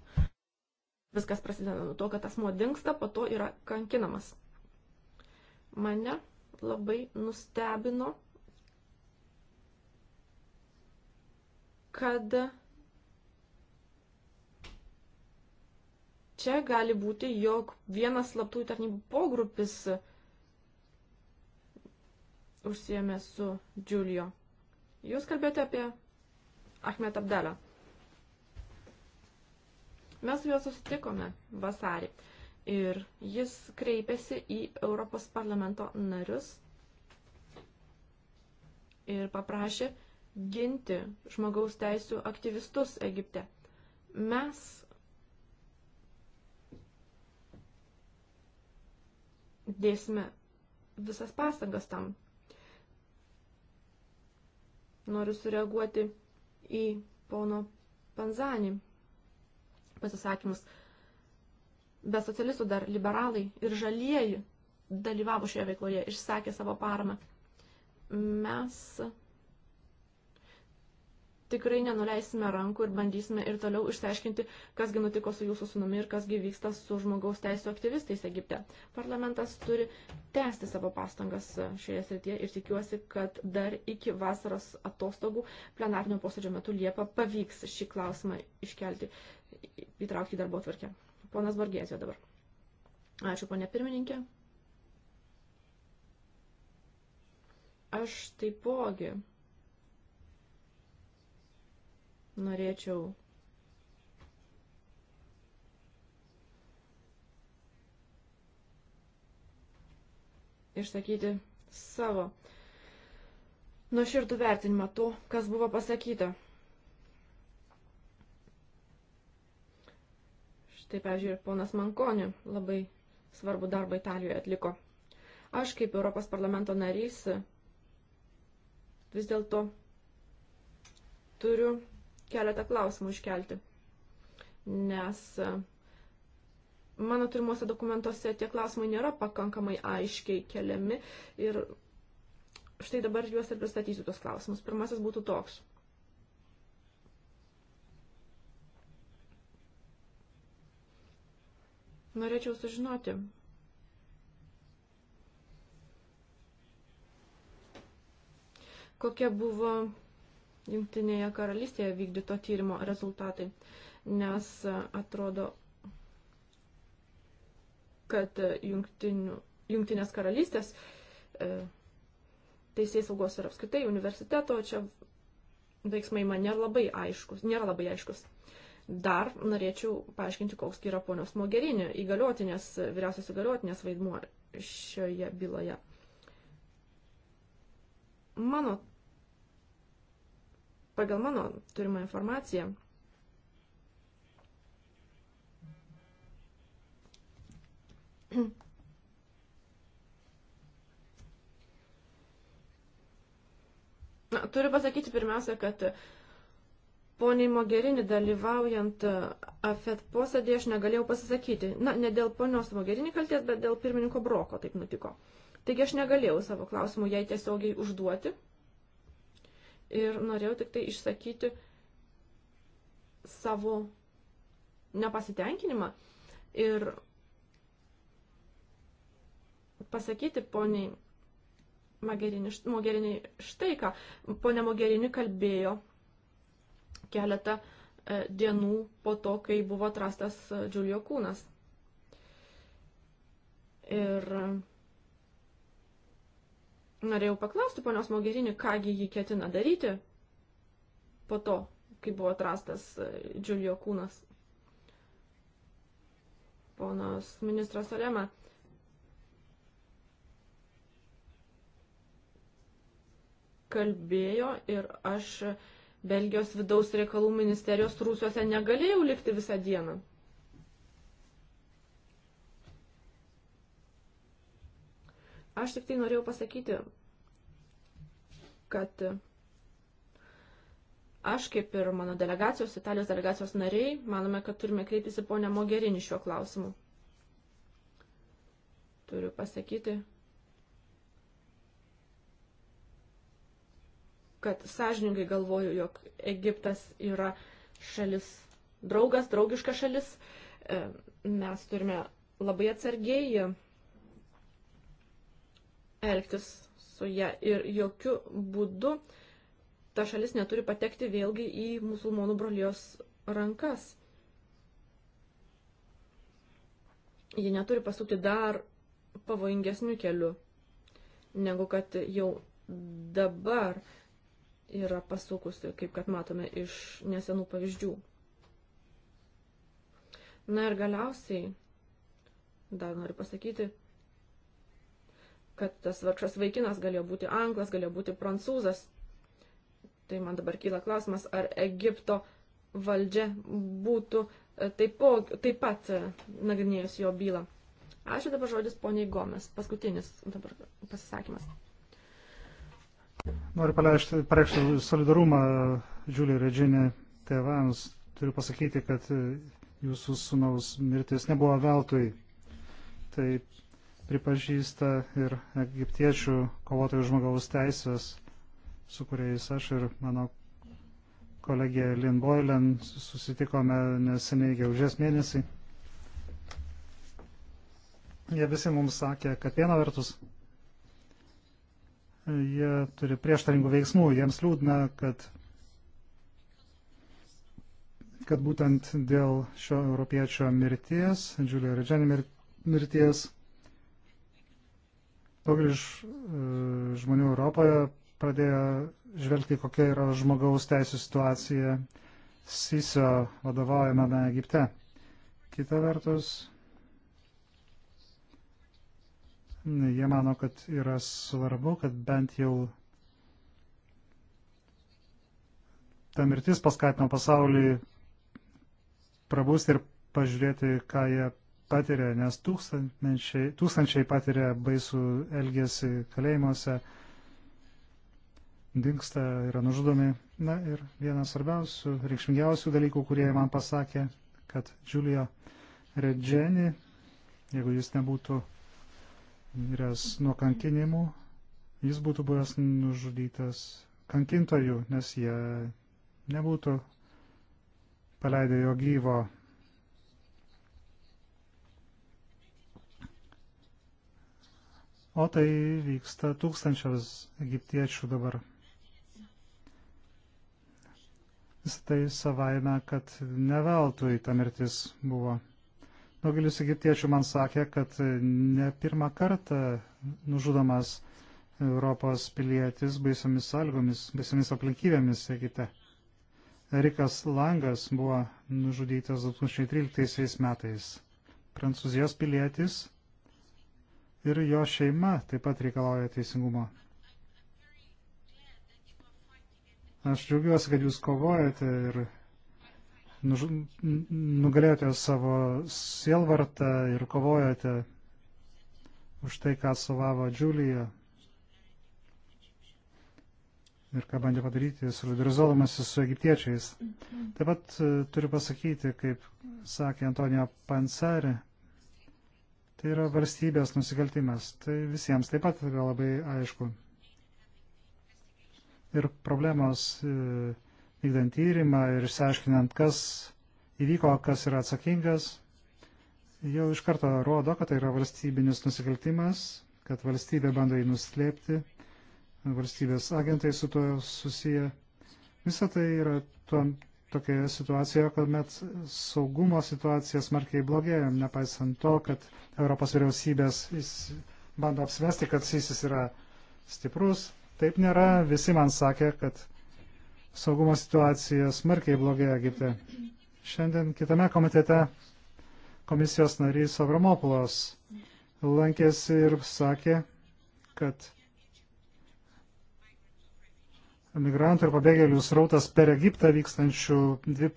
viskas prasideda nuo to, kad asmo dinksta, po to yra kankinamas. Mane labai nustebino, kad Čia gali būti, jog vienas slaptųjų tarnybų pogrupis užsiemė su Džiulio. Jūs kalbėjote apie Ahmet Abdalą. Mes su juo susitikome vasarį ir jis kreipėsi į Europos parlamento narius ir paprašė ginti žmogaus teisų aktyvistus Egipte. Mes dėsime visas pastangas tam. Noriu sureaguoti į pono Panzanį pasisakymus. Be socialistų dar liberalai ir žalieji dalyvavo šioje veikloje, išsakė savo paramą. Mes tikrai nenuleisime rankų ir bandysime ir toliau išsiaiškinti, kasgi nutiko su jūsų sunumi ir kasgi vyksta su žmogaus teisų aktyvistais Egipte. Parlamentas turi tęsti savo pastangas šioje srityje ir tikiuosi, kad dar iki vasaros atostogų plenarnio posėdžio metu Liepa pavyks šį klausimą iškelti, įtraukti į darbo tvarkę. Ponas Borgėzio dabar. Ačiū, ponė pirmininkė. Aš taipogi norėčiau išsakyti savo nuoširdų vertinimą to, kas buvo pasakyta. Štai, pavyzdžiui, ir ponas Mankoni labai svarbu darbą Italijoje atliko. Aš kaip Europos parlamento narys vis dėlto turiu keletą klausimų iškelti. Nes e, mano turimuose dokumentuose tie klausimai nėra pakankamai aiškiai keliami ir štai dabar juos ir pristatysiu tos klausimus. Pirmasis būtų toks. Norėčiau sužinoti, kokia buvo Jungtinėje karalystėje vykdyto tyrimo rezultatai, nes e, atrodo, kad e, jungtinių, Jungtinės karalystės e, teisės saugos ir apskritai universiteto čia veiksmai man nėra labai aiškus. Nėra labai aiškus. Dar norėčiau paaiškinti, koks yra ponios Mogerinė įgaliotinės, vyriausios įgaliotinės vaidmuo šioje byloje. Mano pagal mano turimą informaciją, Na, turiu pasakyti pirmiausia, kad poniai Mogherini dalyvaujant AFET posėdėje aš negalėjau pasisakyti. Na, ne dėl ponios Mogherini kalties, bet dėl pirmininko Broko taip nutiko. Taigi aš negalėjau savo klausimų jai tiesiogiai užduoti ir norėjau tik tai išsakyti savo nepasitenkinimą ir pasakyti poniai Mogherini štai ką. Pone Mogherini kalbėjo keletą e, dienų po to, kai buvo atrastas Džiulio e, kūnas. Ir norėjau paklausti ponios Mogherini, kągi jį ketina daryti po to, kai buvo atrastas Džiulio e, kūnas. Ponas ministras Alema. Kalbėjo ir aš Belgijos vidaus reikalų ministerijos rūsiuose negalėjau likti visą dieną. Aš tik tai norėjau pasakyti, kad aš kaip ir mano delegacijos, Italijos delegacijos nariai, manome, kad turime kreiptis į ponę Mogerinį šiuo klausimu. Turiu pasakyti, kad sąžininkai galvoju, jog Egiptas yra šalis draugas, draugiška šalis. Mes turime labai atsargiai elgtis su ją ir jokių būdų ta šalis neturi patekti vėlgi į musulmonų brolijos rankas. Ji neturi pasukti dar pavojingesnių kelių, negu kad jau dabar yra pasukusi, kaip kad matome iš nesenų pavyzdžių. Na ir galiausiai, dar noriu pasakyti, kad tas vargšas vaikinas galėjo būti anglas, galėjo būti prancūzas. Tai man dabar kyla klausimas, ar Egipto valdžia būtų e, taipo, taip pat e, nagrinėjus jo bylą. Ačiū dabar žodis poniai Gomes. Paskutinis dabar pasisakymas. Noriu pareikšti, pareikšti solidarumą e, Džiulį Redžinį tėvams. Turiu pasakyti, kad jūsų sunaus mirtis nebuvo veltui. Tai pripažįsta ir egiptiečių kovotojų žmogaus teisės, su kuriais aš ir mano kolegė Lynn Boylan susitikome neseniai gegužės mėnesį. Jie visi mums sakė, kad viena vertus jie turi prieštaringų veiksmų, jiems liūdna, kad, kad būtent dėl šio europiečio mirties, Džiulio Redženio mirties, Daugelis žmonių Europoje pradėjo žvelgti, kokia yra žmogaus teisų situacija Sisio vadovaujamame Egipte. Kita vertus, jie mano, kad yra svarbu, kad bent jau ta mirtis paskatino pasaulį prabūsti ir pažiūrėti, ką jie patiria, nes tūkstančiai, tūkstančiai patiria baisų elgesį kalėjimuose, dinksta, yra nužudomi. Na ir vienas svarbiausių, reikšmingiausių dalykų, kurie man pasakė, kad Giulio Redženi, jeigu jis nebūtų miręs nuo kankinimų, jis būtų buvęs nužudytas kankintojų, nes jie nebūtų paleidę jo gyvo O tai vyksta tūkstančiams egiptiečių dabar. Vis tai savaime, kad neveltui ta mirtis buvo. Daugelis egiptiečių man sakė, kad ne pirmą kartą nužudomas Europos pilietis baisiomis sąlygomis, baisiomis aplinkybėmis Egipte. Erikas Langas buvo nužudytas 2013 metais. Prancūzijos pilietis ir jo šeima taip pat reikalauja teisingumo. Aš džiaugiuosi, kad jūs kovojate ir nuž... nugalėjote savo sielvartą ir kovojate už tai, ką savavo Džiulija ir ką bandė padaryti, solidarizuodamasi su egiptiečiais. Taip pat e, turiu pasakyti, kaip sakė Antonija Pansari, Tai yra valstybės nusikaltimas. Tai visiems taip pat yra labai aišku. Ir problemos e, vykdant tyrimą ir išsiaiškinant, kas įvyko, kas yra atsakingas, jau iš karto rodo, kad tai yra valstybinis nusikaltimas, kad valstybė bando jį nuslėpti, valstybės agentai su to susiję. Visą tai yra tuo tokioje situacijoje, kuomet saugumo situacija smarkiai blogėja, nepaisant to, kad Europos vyriausybės bando apsvesti, kad SISIS yra stiprus. Taip nėra, visi man sakė, kad saugumo situacija smarkiai blogėja Egipte. Šiandien kitame komitete komisijos narys Avramopulos lankėsi ir sakė, kad migrantų ir pabėgėlių srautas per Egiptą vykstančių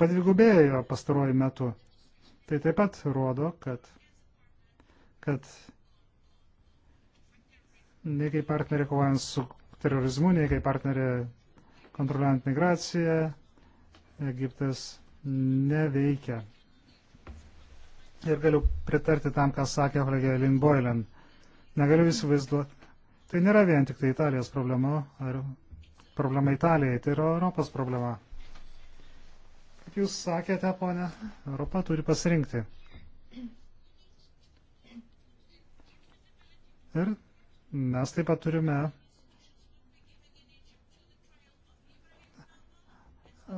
padvigubėjo pastaruoju metu. Tai taip pat rodo, kad, kad nei kaip partneriai kovojant su terorizmu, nei kaip partneriai kontroliuojant migraciją, Egiptas neveikia. Ir galiu pritarti tam, ką sakė kolegė Lynn Boylan. Negaliu įsivaizduoti. Tai nėra vien tik tai Italijos problema ar problema Italijai, tai yra Europos problema. Kaip jūs sakėte, ponė, Europa turi pasirinkti. Ir mes taip pat turime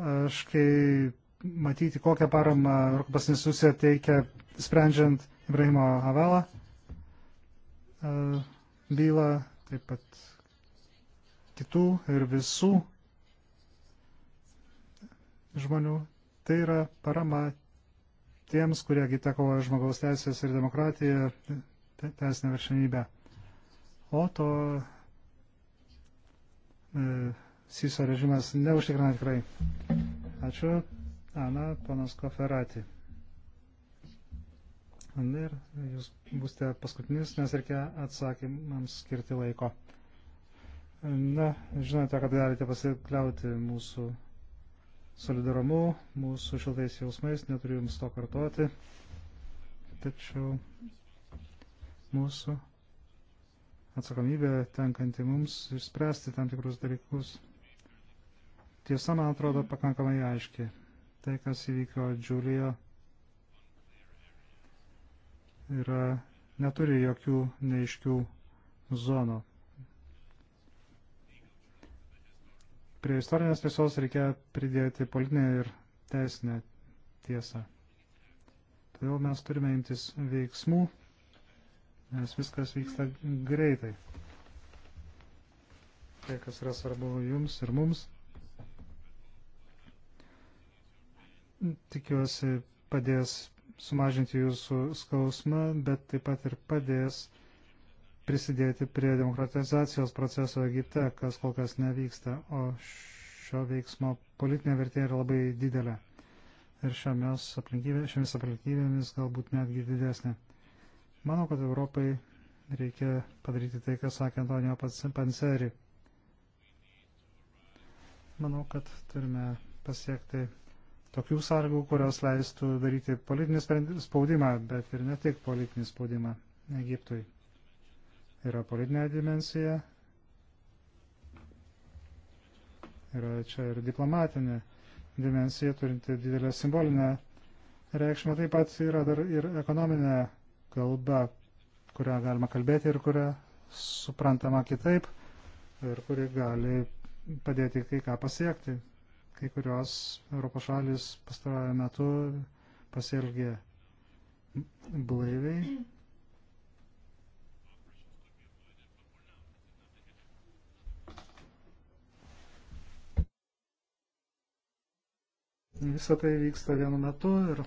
aš kai matyti, kokią paramą Europos institucija teikia sprendžiant Ibrahimo Havelą e, bylą, taip pat kitų ir visų žmonių. Tai yra parama tiems, kurie gite kovoja žmogaus teisės ir demokratiją, teisinę viršinybę. O to e, SISO režimas neužtikrina tikrai. Ačiū, Ana, panas Koferati. Ir jūs būsite paskutinis, nes reikia atsakymams skirti laiko. Na, žinote, kad galite pasikliauti mūsų solidarumu, mūsų šiltais jausmais, neturiu jums to kartuoti. Tačiau mūsų atsakomybė tenkanti mums išspręsti tam tikrus dalykus. Tiesa, man atrodo, pakankamai aiški. Tai, kas įvyko Džiulio, yra neturi jokių neiškių zonų. prie istorinės tiesos reikia pridėti politinę ir teisinę tiesą. Todėl mes turime imtis veiksmų, nes viskas vyksta greitai. Tai, kas yra svarbu jums ir mums. Tikiuosi padės sumažinti jūsų skausmą, bet taip pat ir padės uh, prisidėti prie demokratizacijos proceso Egipte, kas kol kas nevyksta, o šio veiksmo politinė vertė yra labai didelė. Ir šiomis aplinkybėmis, šiomis aplinkybėmis galbūt netgi didesnė. Manau, kad Europai reikia padaryti tai, ką sakė Antonijo Panseri. Manau, kad turime pasiekti tokių sąlygų, kurios leistų daryti politinį spaudimą, bet ir ne tik politinį spaudimą Egiptui. Yra politinė dimensija, yra čia ir diplomatinė dimensija, turinti didelę simbolinę reikšmę. Taip pat yra dar ir ekonominė kalba, kurią galima kalbėti ir kurią suprantama kitaip ir kuri gali padėti kai ką pasiekti. Kai kurios Europos šalis pastarojame metu pasielgė blaiviai Visą tai vyksta vienu metu ir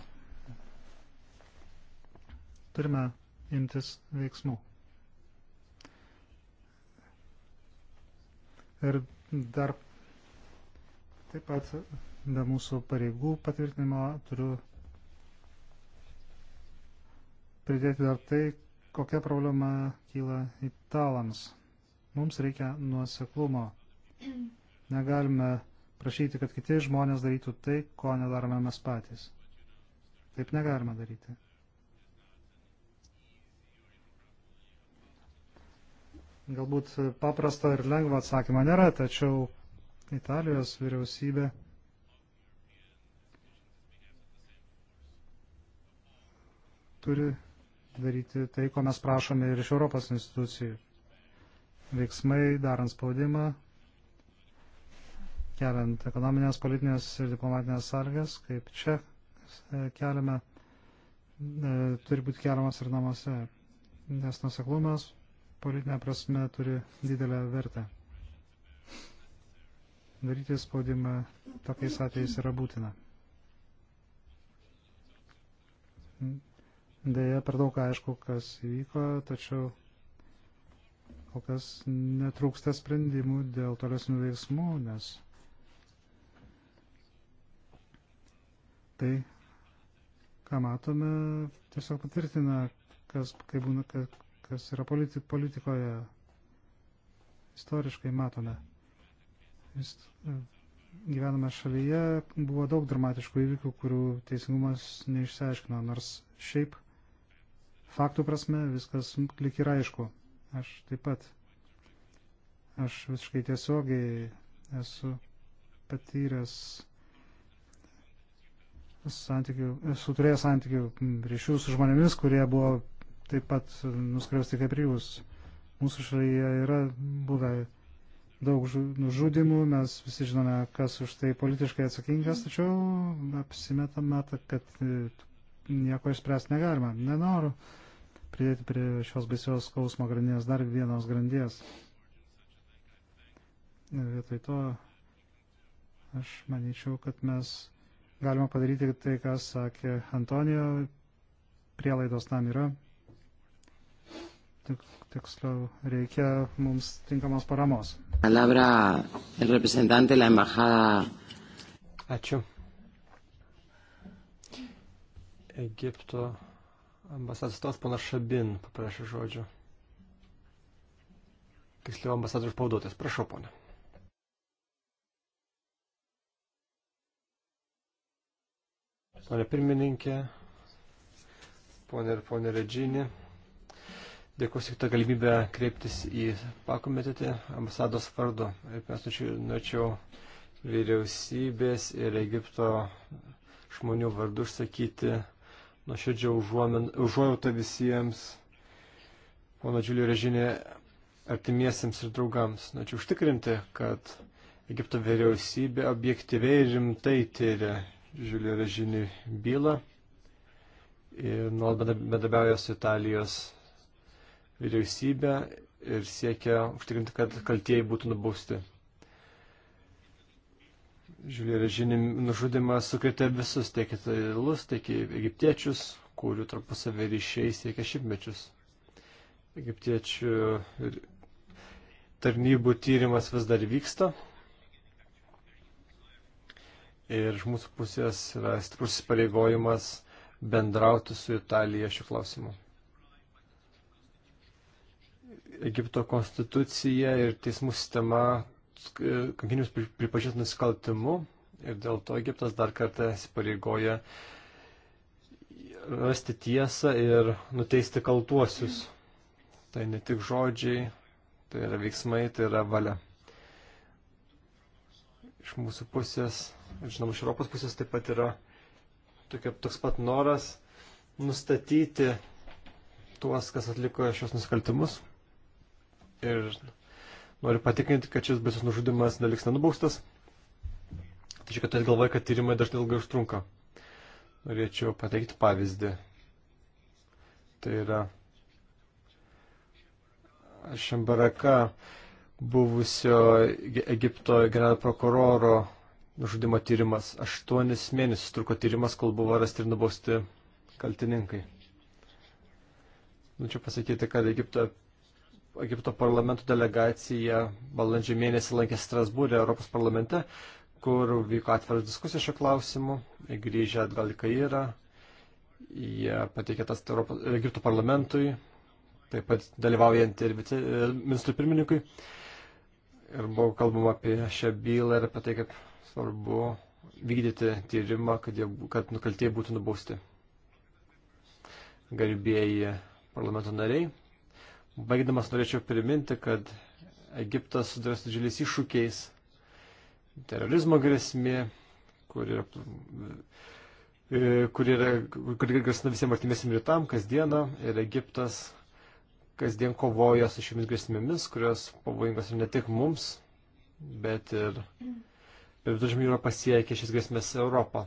turime imtis veiksmų. Ir dar taip pat be mūsų pareigų patvirtinimo turiu pridėti dar tai, kokia problema kyla italams. Mums reikia nuoseklumo. Negalime prašyti, kad kiti žmonės darytų tai, ko nedarome mes patys. Taip negalima daryti. Galbūt paprasto ir lengvo atsakymą nėra, tačiau Italijos vyriausybė turi daryti tai, ko mes prašome ir iš Europos institucijų. Veiksmai, darant spaudimą, keliant ekonominės, politinės ir diplomatinės sargas, kaip čia e, keliame, e, turi būti keliamas ir namuose, nes nuseklumas politinė prasme turi didelę vertę. Daryti spaudimą tokiais atvejais yra būtina. Deja, per daug aišku, kas įvyko, tačiau kol kas netrūksta sprendimų dėl tolesnių veiksmų, nes Tai, ką matome, tiesiog patvirtina, kas, kai būna, kas yra politi, politikoje. Istoriškai matome. Jis, e, gyvename šalyje, buvo daug dramatiškų įvykių, kurių teisingumas neišsiaiškino, nors šiaip faktų prasme viskas lik ir aišku. Aš taip pat, aš visiškai tiesiogiai esu patyręs santykių, esu turėjęs santykių ryšių su žmonėmis, kurie buvo taip pat nuskriausti kaip ir jūs. Mūsų šalyje yra buvę daug nužudimų, mes visi žinome, kas už tai politiškai atsakingas, tačiau apsimetame, kad e, nieko išspręsti negalima. Nenoriu pridėti prie šios baisios skausmo grandies dar vienos grandies. Vietoj to aš manyčiau, kad mes galima padaryti tai, ką sakė Antonijo, prielaidos tam yra. Tik, tiksliau, reikia mums tinkamos paramos. Palabra el representante la embajada. Ačiū. Egipto ambasados tos panas Šabin paprašė žodžio. Tiksliau ambasadorius pavaduotojas. Prašau, ponė. Pane pirmininkė, ponė ir ponė Redžinė, dėkuosiu tą galimybę kreiptis į pakomitetį ambasados vardu. Ir mes norėčiau vyriausybės ir Egipto žmonių vardu išsakyti nuoširdžią užuojautą visiems pono Džiulio režinė artimiesiems ir draugams. Norėčiau užtikrinti, kad Egipto vyriausybė objektyviai rimtai tyria Žiulio Vežinį bylą ir nuolat bendrabiauja su Italijos vyriausybė ir siekia užtikrinti, kad kaltieji būtų nubausti. Žiulio Vežinį nužudimas sukrėtė visus, tiek italus, tiek egiptiečius, kurių tarpusavė ryšiai siekia šimtmečius. Egiptiečių tarnybų tyrimas vis dar vyksta ir iš mūsų pusės yra stiprus įsipareigojimas bendrauti su Italija šiuo klausimu. Egipto konstitucija ir teismų sistema e, kankinius pripažinti nusikaltimu ir dėl to Egiptas dar kartą įsipareigoja rasti tiesą ir nuteisti kaltuosius. Tai ne tik žodžiai, tai yra veiksmai, tai yra valia. Iš mūsų pusės Žinoma, iš Europos pusės taip pat yra tokia, toks pat noras nustatyti tuos, kas atliko šios nusikaltimus. Ir noriu patikinti, kad šis baisus nužudimas neliks nenubaustas. Tačiau, kad turėt galvoje, kad tyrimai dažnai ilgai užtrunka. Norėčiau pateikti pavyzdį. Tai yra Šembaraka buvusio Egipto generalinio prokuroro nužudimo tyrimas. Aštuonis mėnesius truko tyrimas, kol buvo rasti ir nubausti kaltininkai. Nučiau pasakyti, kad Egipto, Egipto parlamento delegacija balandžio mėnesį lankė Strasbūrė Europos parlamente, kur vyko atviras diskusija šio klausimu, grįžę atgal į Kairą, jie pateikė tas Europos, Egipto parlamentui, taip pat dalyvaujant ir vice, ministrui pirmininkui. Ir buvo kalbama apie šią bylą ir apie tai, kaip svarbu vykdyti tyrimą, kad, jie, kad nukaltieji būtų nubausti. Garbėjai parlamento nariai, baigdamas norėčiau priminti, kad Egiptas sudarės didžiuliais iššūkiais, terorizmo grėsmė, kur yra, e, kur yra kur grėsina visiems artimiesiam rytam kasdieną ir Egiptas kasdien kovoja su šiomis grėsmėmis, kurios pavojingos ir ne tik mums, bet ir mm per viduržymį jūrą pasiekia šis grėsmės Europą.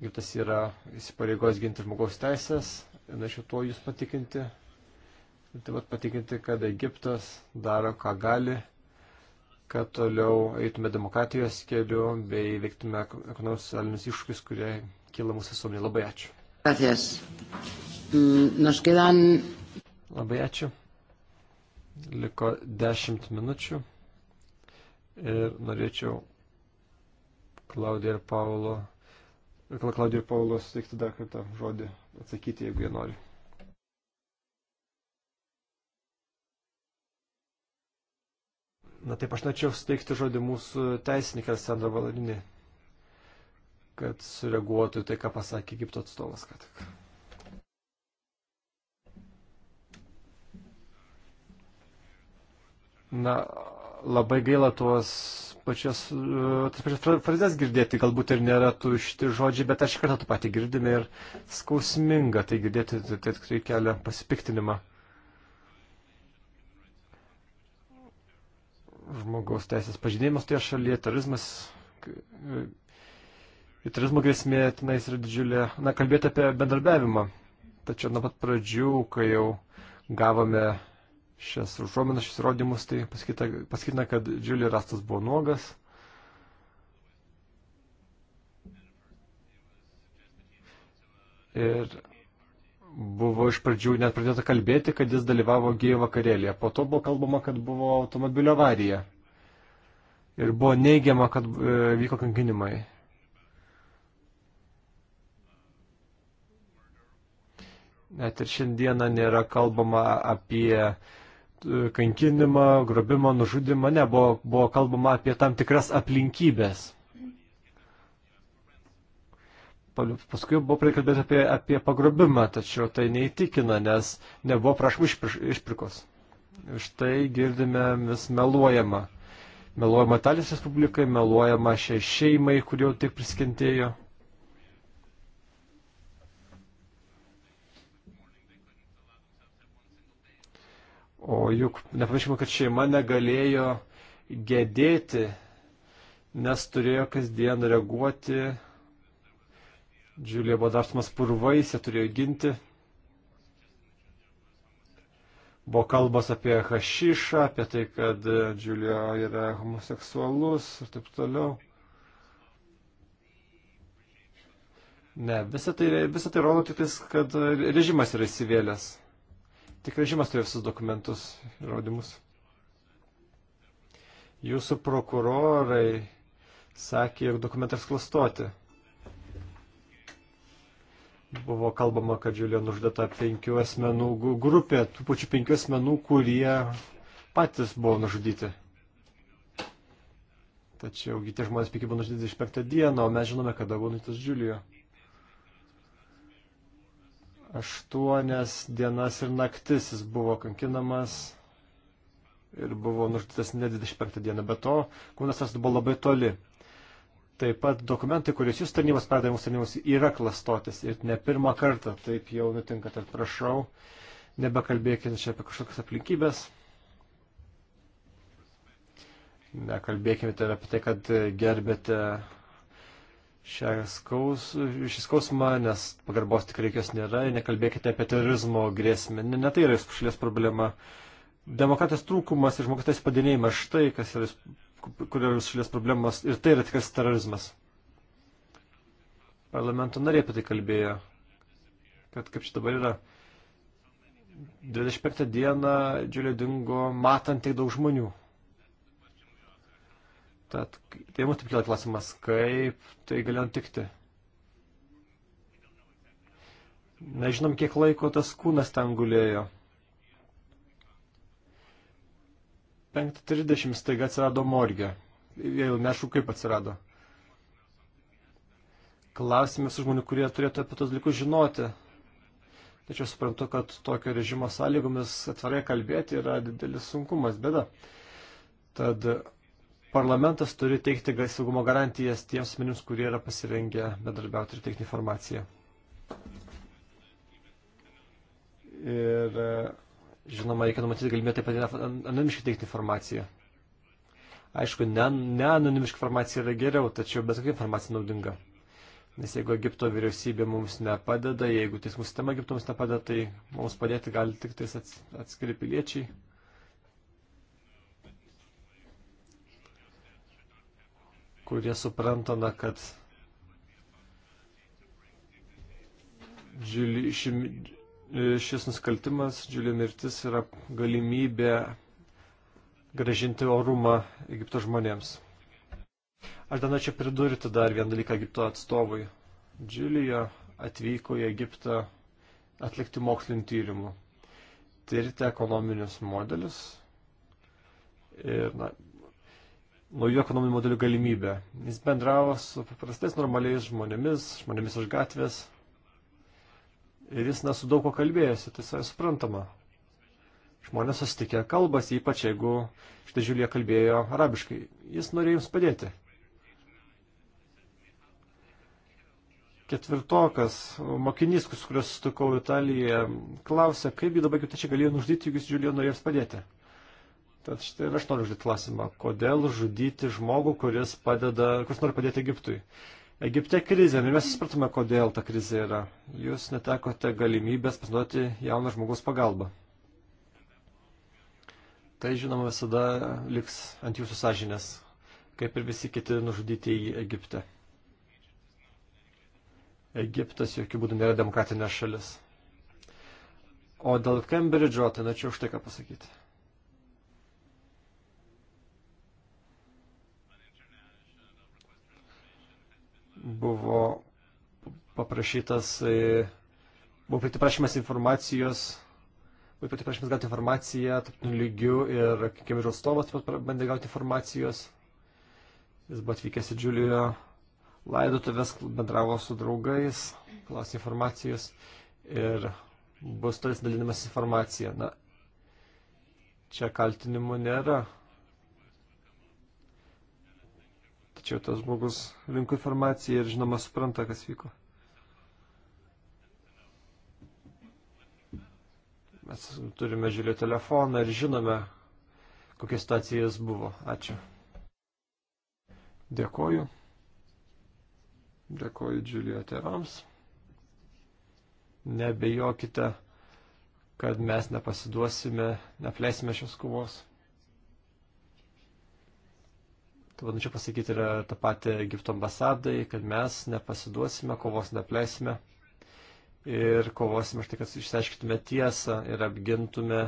Egiptas yra įsipareigojęs ginti žmogaus teisės, norėčiau tuo jūs patikinti. Ir taip pat patikinti, kad Egiptas daro, ką gali, kad toliau eitume demokratijos keliu bei veiktume ekonominius socialinius iššūkius, kurie kyla mūsų visuomenė. Labai ačiū. Gracias. Mm, nos quedan... Labai ačiū. Liko dešimt minučių ir norėčiau Klaudiją ir Paulo, Klaudiją ir Paulo suteikti dar kartą žodį atsakyti, jeigu jie nori. Na taip, aš norėčiau suteikti žodį mūsų teisininkas Sandra Valarinį, kad sureaguotų tai, ką pasakė Egipto atstovas ką tik. Na, labai gaila tuos pačias, e, tas pačias frazes girdėti, galbūt ir nėra tušti žodžiai, bet aš kartą tą patį girdime ir skausminga tai girdėti, tai, tai tikrai kelia pasipiktinimą. Žmogaus teisės pažydėjimas toje šalyje, terorizmas, e, terorizmo grėsmė tenais yra didžiulė. Na, kalbėti apie bendarbiavimą. Tačiau nuo pat pradžių, kai jau gavome šias užuominas, šis įrodymus, tai pasakytina, kad Džiulį rastas buvo nuogas. Ir buvo iš pradžių net pradėta kalbėti, kad jis dalyvavo gėjų vakarėlėje. Po to buvo kalbama, kad buvo automobilio avarija. Ir buvo neigiama, kad e, vyko kankinimai. Net ir šiandieną nėra kalbama apie kankinimą, grobimą, nužudimą, ne, buvo, buvo kalbama apie tam tikras aplinkybės. Paskui buvo prikalbėta apie, apie pagrobimą, tačiau tai neįtikina, nes nebuvo prašymų išprikos. Štai girdime vis meluojama. Meluojama Italijos Respublikai, meluojama šiai šeimai, kur jau tik priskentėjo. O juk nepamirškime, kad šeima negalėjo gedėti, nes turėjo kasdien reaguoti. Džiulė buvo darstamas purvais, jie turėjo ginti. Buvo kalbas apie hašišą, apie tai, kad Džiulė yra homoseksualus ir taip toliau. Ne, visą tai, visą tai rodo tik, kad režimas yra įsivėlęs tik režimas turi visus dokumentus ir rodymus. Jūsų prokurorai sakė, jog dokumentas klastoti. Buvo kalbama, kad Julian uždata penkių asmenų grupė, tų pačių penkių asmenų, kurie patys buvo nužudyti. Tačiau tie žmonės piki buvo nužudyti 25 dieną, o mes žinome, kada buvo nužudytas Julian aštuonias dienas ir naktis jis buvo kankinamas ir buvo nužudytas ne 25 dieną, bet to kūnas rastas buvo labai toli. Taip pat dokumentai, kuriuos jūs tarnybos perdavė mūsų tarnybos, yra klastotis ir ne pirmą kartą taip jau nutinka, tad prašau, nebekalbėkite čia apie kažkokias aplinkybės. Nekalbėkime apie tai, kad gerbėte skaus, šį skausmą, nes pagarbos tikrai jos nėra, nekalbėkite apie terorizmo grėsmę, ne, ne tai yra jūsų šalies problema. Demokratijos trūkumas ir žmogus teisų padėnėjimas, štai kas yra, kur yra jūsų šalies problemas ir tai yra tikras terorizmas. Parlamento nariai apie tai kalbėjo, kad kaip čia dabar yra. 25 dieną džiulio dingo matant tiek daug žmonių. Tad tai mums taip kila klausimas, kaip tai galėjo nutikti. Nežinom, kiek laiko tas kūnas ten gulėjo. 5.30 staiga atsirado morgė. Vėl neaišku, kaip atsirado. Klausimės žmonių, kurie turėtų apie tos dalykus žinoti. Tačiau suprantu, kad tokio režimo sąlygomis atvarai kalbėti yra didelis sunkumas, bėda. Tad parlamentas turi teikti saugumo garantijas tiems asmenims, kurie yra pasirengę bedarbiauti ir teikti informaciją. Ir e, žinoma, reikia numatyti galimybę taip pat anonimiškai teikti informaciją. Aišku, neanonimiška ne informacija yra geriau, tačiau bet kokia informacija naudinga. Nes jeigu Egipto vyriausybė mums nepadeda, jeigu teismų sistema Egipto mums nepadeda, tai mums padėti gali tik tais atskiri piliečiai kurie suprantame, kad džiulį, ši, e, šis nusikaltimas, džiulio mirtis yra galimybė gražinti orumą Egipto žmonėms. Aš dar norėčiau pridurti dar vieną dalyką Egipto atstovui. Džiulio atvyko į Egiptą atlikti mokslinį tyrimų, tirti ekonominius modelius ir na, naujų ekonominių modelių galimybę. Jis bendravo su paprastais normaliais žmonėmis, žmonėmis iš gatvės. Ir jis nesu daug ko kalbėjosi, tai savai suprantama. Žmonės susitikė kalbas, ypač jeigu štai Žiulija kalbėjo arabiškai. Jis norėjo jums padėti. Ketvirtokas, mokinys, su kuriuo susitikau Italijoje, klausė, kaip jį dabar kitaip čia galėjo nužudyti, jeigu jis Žiulija norėjo jums padėti. Tad štai ir aš noriu užduoti klausimą, kodėl žudyti žmogų, kuris, padeda, kuris nori padėti Egiptui. Egipte krizė, ir mes supratome, kodėl ta krizė yra. Jūs netekote galimybės pasinaudoti jauno žmogaus pagalbą. Tai, žinoma, visada liks ant jūsų sąžinės, kaip ir visi kiti nužudyti į Egipte. Egiptas jokių būdų nėra demokratinė šalis. O dėl Cambridge'o, tai norėčiau štai ką pasakyti. buvo paprašytas, e, buvo pateikti prašymas informacijos, buvo pateikti prašymas gauti informaciją tarptautiniu lygiu ir Kemerio atstovas taip pat bandė gauti informacijos. Jis buvo atvykęs į Džiulio laidotuvės, bendravo su draugais, klausė informacijos ir bus tolesnis dalinimas informacija. Na, čia kaltinimų nėra. Tačiau tas žmogus linko informaciją ir žinoma supranta, kas vyko. Mes turime žiūrį telefoną ir žinome, kokia situacija jis buvo. Ačiū. Dėkoju. Dėkoju Džiulio tėvams. Nebejokite, kad mes nepasiduosime, nepleisime šios kovos. Taip pat norėčiau nu, pasakyti ir tą patį Egipto ambasadai, kad mes nepasiduosime, kovos nepleisime ir kovosime štai, kad išsiaiškintume tiesą ir apgintume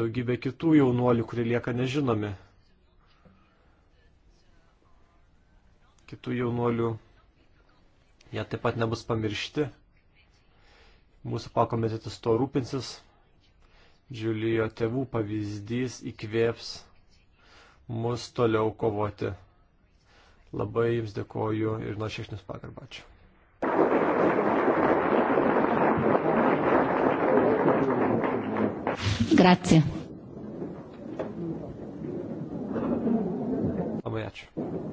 daugybę kitų jaunuolių, kurie lieka nežinomi. Kitų jaunuolių, jie taip pat nebus pamiršti. Mūsų pakomitetis to rūpinsis. Džiulijo tėvų pavyzdys įkvėps mus toliau kovoti. Labai Jums dėkoju ir nuo šešnis pagarbą. Ačiū. Grazie. Labai ačiū.